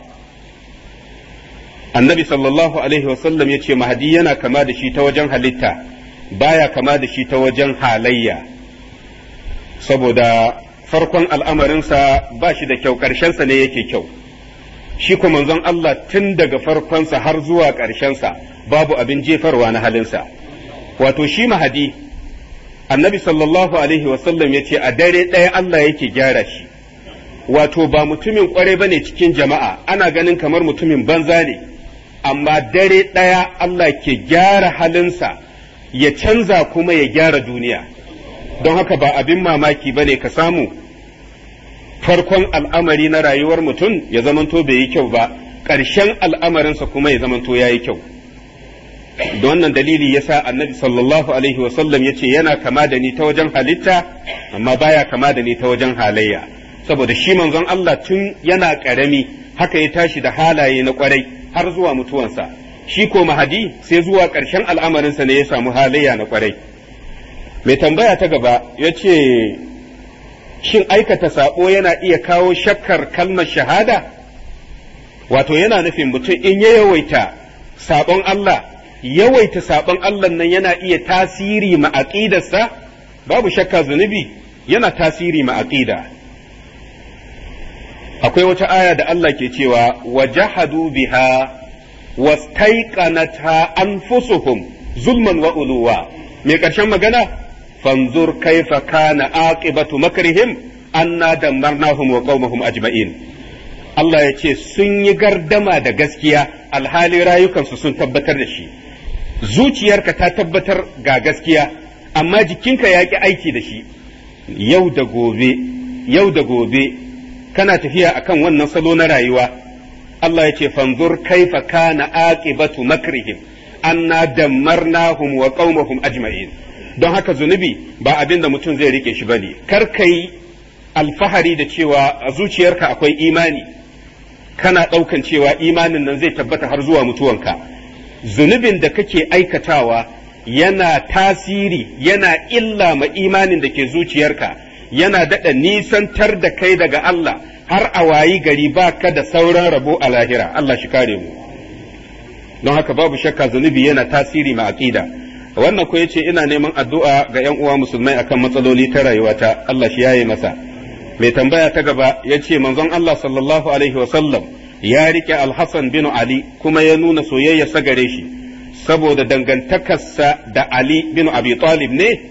annabi sallallahu alaihi wasallam ya ce mahadi yana kama da shi ta wajen halitta baya kama da shi ta wajen halayya saboda farkon al'amarinsa ba shi da kyau ƙarshensa ne yake kyau shi kuma manzon Allah tun daga farkonsa har zuwa ƙarshensa babu abin jefarwa na halinsa wato shi mahadi annabi sallallahu alaihi wasallam ya ce a dare ɗaya Allah yake gyara shi wato ba mutumin ƙwarai ba ne cikin jama'a ana ganin kamar mutumin banza ne amma dare ɗaya Allah ke gyara halinsa ya canza kuma ya gyara duniya don haka ba abin mamaki ba ne ka samu farkon al'amari na rayuwar mutum ya zamanto bai yi kyau ba ƙarshen al'amarinsa kuma ya zamanto ya yi kyau da wannan dalili ya sa annabi sallallahu alaihi wasallam ya ce yana kama da ni ta wajen halitta amma baya kama da ni ta wajen halayya saboda shi manzon Allah tun yana ƙarami haka ya tashi da halaye na ƙwarai har zuwa mutuwansa shi ko mahadi sai zuwa ƙarshen al'amarinsa ne ya samu halayya na kwarai mai tambaya ta gaba ya ce shin aikata saɓo yana iya kawo shakkar kalmar shahada wato yana nufin mutum in ya yawaita saɓon Allah yawaita saɓon Allah nan yana iya tasiri ma aƙidarsa babu shakka zunubi yana tasiri ma aƙida akwai wata aya da Allah ke cewa wajahadu biha wastaiqanata anfusuhum zulman wa uluwa me karshen magana fanzur kaifa kana aqibatu makrihim anna dammarnahum wa qaumahum ajma'in Allah ya ce sun yi gardama da gaskiya alhali rayukansu sun tabbatar da shi zuciyarka ta tabbatar ga gaskiya amma jikinka ya ki aiki da shi yau da gobe yau da gobe kana tafiya akan wannan salo na rayuwa Allah ya fanzur kaifa kana aqibatu makrihim anna dammarnahum wa qaumahum ajma'in don haka zunubi ba abin da mutum zai rike shi bane kar kai alfahari da cewa a zuciyarka akwai imani kana ɗaukan cewa imanin nan zai tabbata har zuwa mutuwanka zunubin da kake aikatawa yana tasiri yana illa ma imanin da ke zuciyarka yana daɗa nisantar da kai daga Allah har a wayi gari ba ka da sauran rabo a lahira Allah shi kare mu don haka babu shakka zunubi yana tasiri ma aqida wannan ko yace ina neman addu'a ga yan uwa musulmai akan matsaloli ta rayuwata Allah shi yaye masa mai tambaya ta gaba yace manzon Allah sallallahu alaihi wa sallam ya rike Al-Hasan bin Ali kuma ya nuna soyayya sagare shi saboda dangantakarsa da Ali bin Abi Talib ne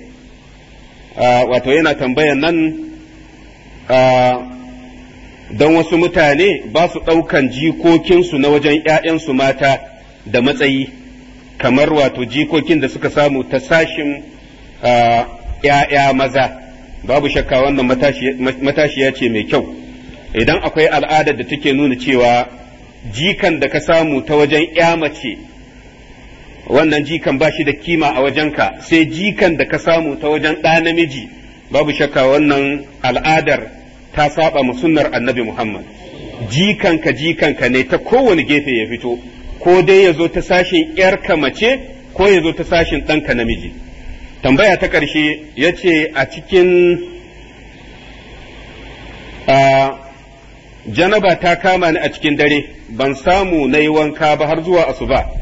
Ah, wato yana tambayan nan ah, don wasu mutane ba su ɗaukan jikokinsu na wajen ‘ya'yansu mata da matsayi kamar wato jikokin da suka samu ta sashin ah, ‘ya'ya maza babu shakka wannan matashiya ce mai kyau idan akwai al'adar da take nuna cewa jikan da ka samu ta wajen ‘ya mace wannan jikan ba shi da kima a wajenka sai jikan da ka samu ta wajen ɗa namiji babu shakka wannan al'adar ta saba mu sunnar annabi Muhammad jikanka jikanka ne ta kowane gefe ya fito ko dai ya zo ta sashen ‘yarka mace ko ya zo ta sashen ɗanka namiji tambaya ta ƙarshe ya ce a cikin janaba ta kama ni a cikin dare ban samu na yi wanka ba har zuwa asuba.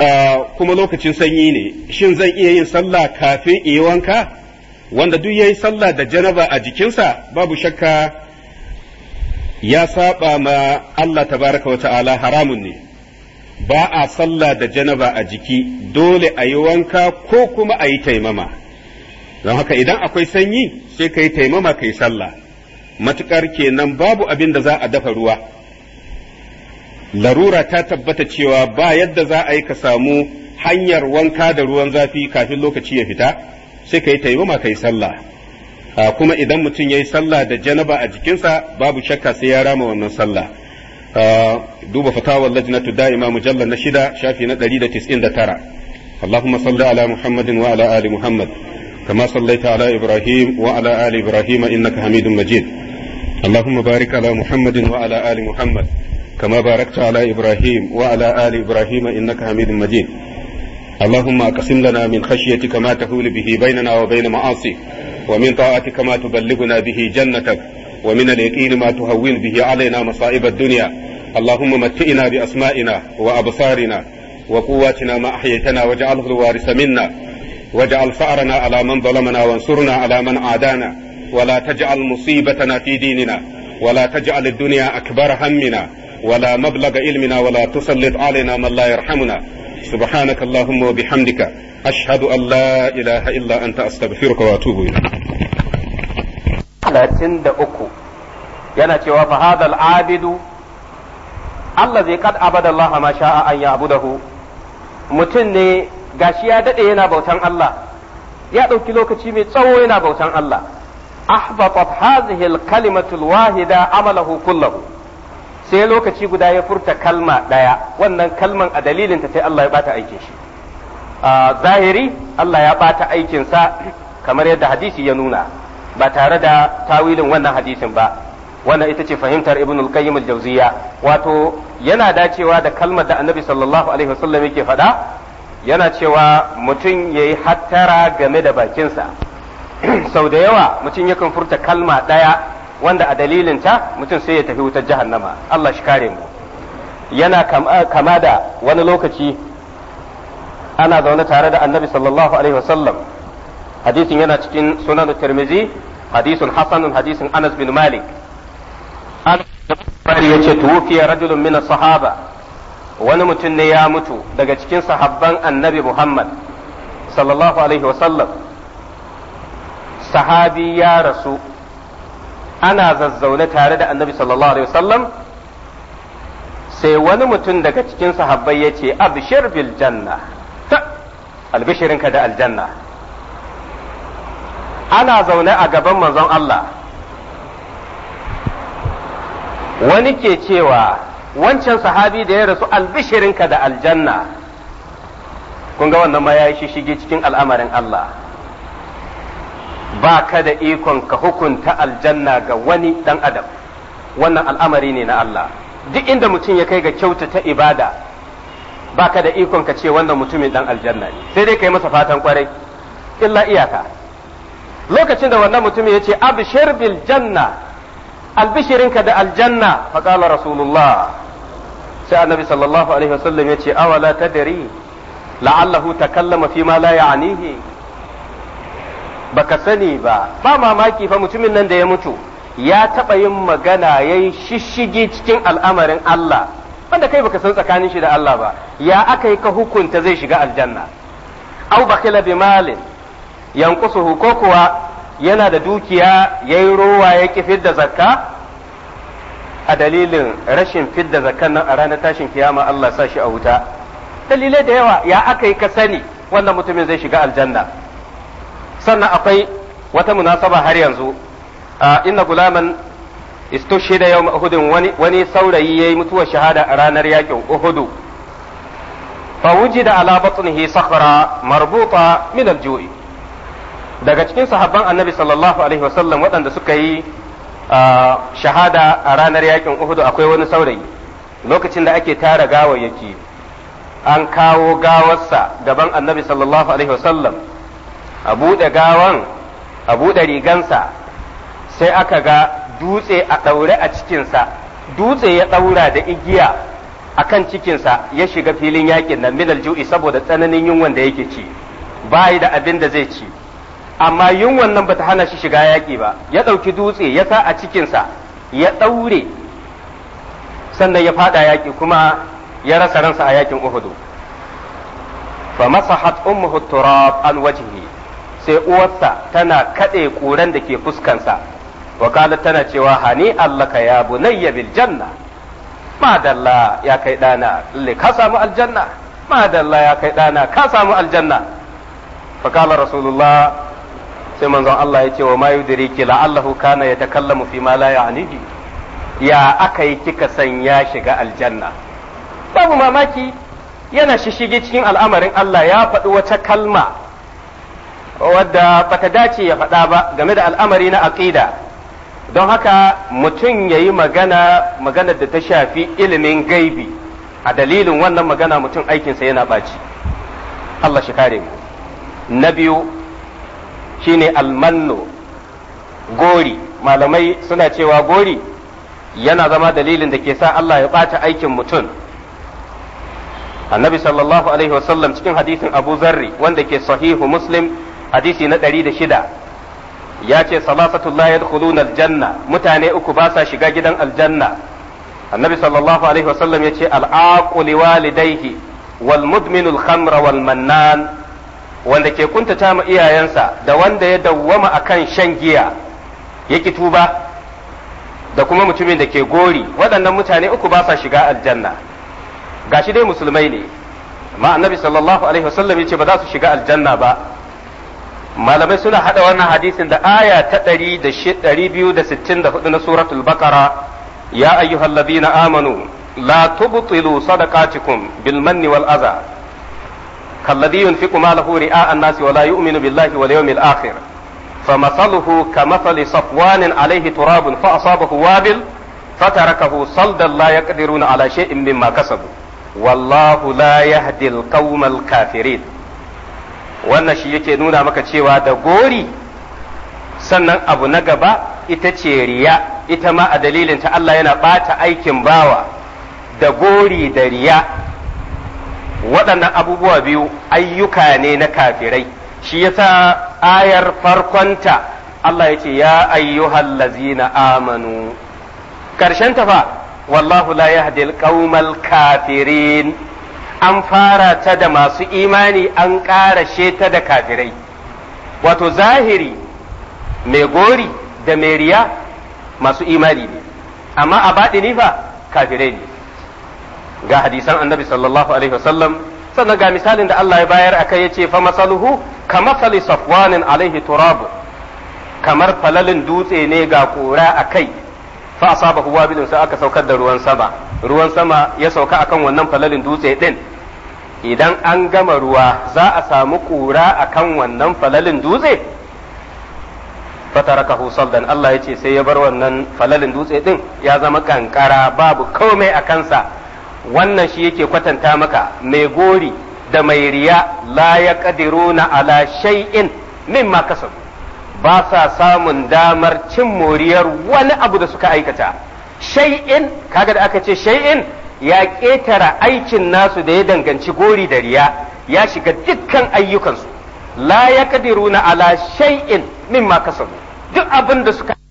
Ah, kuma lokacin sanyi ne shin zan iya yin sallah kafin iya wanka wanda duk yayi sallah da janaba a jikinsa babu shakka ya saba ma Allah tabaraka wa ta'ala haramun ne ba a sallah da janaba a jiki dole a yi wanka ko kuma a yi taimama don haka idan akwai sanyi sai ka yi taimama ka yi sallah matukar kenan babu abin da za a dafa ruwa larura ta tabbata cewa ba yadda za a yi ka samu hanyar wanka da ruwan zafi kafin lokaci ya fita sai ka yi taimama ka yi sallah ah, kuma idan mutum ya yi sallah da janaba a jikinsa babu shakka sai ya rama wannan sallah ah, duba fatawar lajnatu da'ima mujallar na shida shafi na ɗari da da tara. 199 اللهم صل على محمد وعلى آل محمد كما صليت على إبراهيم وعلى آل إبراهيم إنك majid مجيد اللهم ala muhammadin wa ala ali muhammad. كما باركت على إبراهيم وعلى آل إبراهيم إنك حميد مجيد اللهم أقسم لنا من خشيتك ما تحول به بيننا وبين معاصيك ومن طاعتك ما تبلغنا به جنتك ومن اليقين ما تهون به علينا مصائب الدنيا اللهم متئنا بأسمائنا وأبصارنا وقواتنا ما أحييتنا واجعله الوارث منا واجعل فأرنا على من ظلمنا وانصرنا على من عادانا ولا تجعل مصيبتنا في ديننا ولا تجعل الدنيا أكبر همنا ولا مبلغ علمنا ولا تسلط علينا من لا يرحمنا سبحانك اللهم وبحمدك أشهد أن لا إله إلا أنت أستغفرك وأتوب إليك talatin da uku yana cewa fa hadal abidu zai qad abada Allah ma sha'a an mutum ne gashi ya daɗe yana bautan Allah ya ɗauki lokaci mai tsawo yana bautan Allah ahbatat hadhihi al-kalimatu al-wahida amalahu kullahu sai lokaci guda ya furta kalma ɗaya wannan kalman a dalilinta sai Allah ya bata aikin shi zahiri Allah ya bata aikinsa kamar yadda hadisi ya nuna ba tare da tawilin wannan hadisin ba wannan ita ce fahimtar ibn al-qayyim al-jawziya wato yana dacewa da kalmar da annabi sallallahu alaihi wasallam yake faɗa yana cewa mutum yayi hattara game da bakinsa sau da yawa mutum yakan furta kalma ɗaya wanda a dalilin mutum sai ya tafi wutar jahannama Allah shi kare mu yana ah, kama da wani lokaci ana zaune tare da annabi sallallahu alaihi wasallam hadisin yana cikin sunan tirmizi hadisun hasanun hadisin anas bin malik anas ya ce tuwufiya rajulun mina sahaba wani mutum ne ya mutu daga cikin sahabban annabi muhammad sallallahu alaihi wasallam sahabi ya rasu ana zazzaune tare da annabi sallallahu alaihi wasallam sai wani mutum daga cikin sahabbai ya ce abshir bil janna albishirinka da aljanna ana zaune a gaban manzon Allah wani ke cewa wancan sahabi da ya rasu albishirinka da aljanna kun ga wannan ma ya yi shishige cikin al'amarin Allah ba ka da ikon ka hukunta aljanna ga wani dan adam wannan al'amari ne na Allah duk inda mutum ya kai ga kyautata ibada ba ka da ikon ka ce wannan mutumin dan aljanna ne sai dai ka yi masa fatan kwarai illa iyaka lokacin da wannan mutumin ya ce abshir bil janna albishirinka da aljanna faqala rasulullah sai annabi sallallahu alaihi wasallam ya ce awala tadri la'allahu takallama fi ma la ya'nihi baka sani ba ba mamaki fa mutumin nan da ya mutu ya taɓa yin magana yayi shishigi cikin al'amarin Allah wanda kai baka san tsakanin shi da Allah ba ya aka yi ka hukunta zai shiga aljanna au bakila bi malin yanqusuhu ko kuwa yana da dukiya yayi rowa ya ki fidda zakka a dalilin rashin fidda zakkan nan a ranar tashin kiyama Allah sa shi a wuta dalilai da yawa ya aka yi ka sani wannan mutumin zai shiga aljanna sannan akwai wata munasaba har yanzu A inna gulaman istushhida da uhudin wani wani saurayi yi mutuwar shahada a ranar yakin uhudu fa da ala batnihi sakhra marbuta min al daga cikin sahabban annabi sallallahu alaihi wasallam waɗanda suka yi shahada a ranar yakin uhudu akwai wani saurayi lokacin da ake tara gawayyaki an kawo gawarsa gaban annabi sallallahu alaihi wasallam a buɗe gawan a buɗe rigansa sai aka ga dutse a ɗaure a cikinsa dutse ya ɗaura da igiya a kan cikinsa ya shiga filin yakin nan minal ju'i saboda tsananin yunwan da yake ci bayi da abin da zai ci amma yunwan nan bata hana shi shiga yaƙi ba ya ɗauki dutse ya sa a cikinsa ya ɗaure sannan ya faɗa yaƙi kuma ya rasa ransa a yaƙin uhudu fa masahat ummuhu turab an wajhi sai uwarsa tana kaɗe ƙuran da ke fuskansa wakala tana cewa hani allaka ya bunayya bil janna madalla ya kai ɗana lalle ka samu aljanna madalla ya kai dana ka samu aljanna fakala rasulullah sai manzon Allah ya ce wa ma yudriki la'allahu kana yatakallamu fi ma la ya'nihi ya aka yi kika san ya shiga aljanna babu mamaki yana shishige cikin al'amarin Allah ya faɗi wata kalma wadda bata dace ya faɗa ba game da al'amari na aqida don haka mutum ya yi magana magana da ta shafi ilimin gaibi a dalilin wannan magana mutum aikinsa yana ɓaci Allah shi kare na biyu shine almanno gori malamai suna cewa gori yana zama dalilin da ke sa Allah ya ɓata aikin mutum annabi sallallahu alaihi wasallam cikin hadisin abu zarri wanda ke sahihu muslim hadisi na ɗari da shida ya ce ya la yadkhuluna aljanna mutane uku ba sa shiga gidan aljanna annabi sallallahu alaihi wasallam yace al'akuli walidaihi wal mudminul khamra wal mannan wanda ke kuntata ma iyayensa da wanda ya dawwama akan shan giya ki tuba da kuma mutumin da ke gori waɗannan mutane uku ba sa shiga aljanna gashi dai musulmai ne amma annabi sallallahu alaihi wasallam ce ba za su shiga aljanna ba malamai suna hada wannan hadisin da aya ta 264 na suratul bakara ya ayyuhal ladina amanu la tubtilu sadaqatikum bil manni wal adha kalladhi yunfiqu malahu ri'a an-nas wa la yu'minu billahi wal yawmil akhir فمثله كمثل صفوان عليه تراب فأصابه وابل فتركه صلدا لا يقدرون على شيء مما كسبوا والله لا يهدي القوم الكافرين wannan shi yake nuna maka cewa da gori sannan abu na gaba ita ce riya ita ma a dalilin ta Allah yana ɓata aikin bawa da gori da riya waɗannan abubuwa biyu ayyuka ne na kafirai shi yasa ayar farkonta Allah ya ce ya ayyuhal na amanu ƙarshen ta fa wallahu la yahdil qaumal kafirin an fara ta da masu imani an ƙarashe ta da kafirai wato zahiri mai gori da mai riya masu imani ne amma a ni fa kafirai ne ga hadisan annabi sallallahu alaihi wasallam sannan ga misalin da Allah ya bayar akai yace ce fa masaluhu ka masali safwanin alaihi turab kamar falalin dutse ne ga kura akai kai fa asabahu wabilun sai aka saukar da ruwan sama ruwan sama ya sauka akan wannan falalin dutse din idan an gama ruwa za a samu ƙura a kan wannan falalin dutse fataraka dan Allah ya ce sai ya bar wannan falalin dutse ɗin ya zama kankara babu komai a kansa wannan shi yake kwatanta maka mai gori da mai riya la ya na ala shay'in mimma kasabu ba sa samun damar cin moriyar wani abu da suka aikata shay'in kaga da aka ce shay'in ya ƙetara aikin nasu da ya danganci gori da riya ya shiga dukkan ayyukansu la ya na ala shay'in mimma kasabu duk abin da suka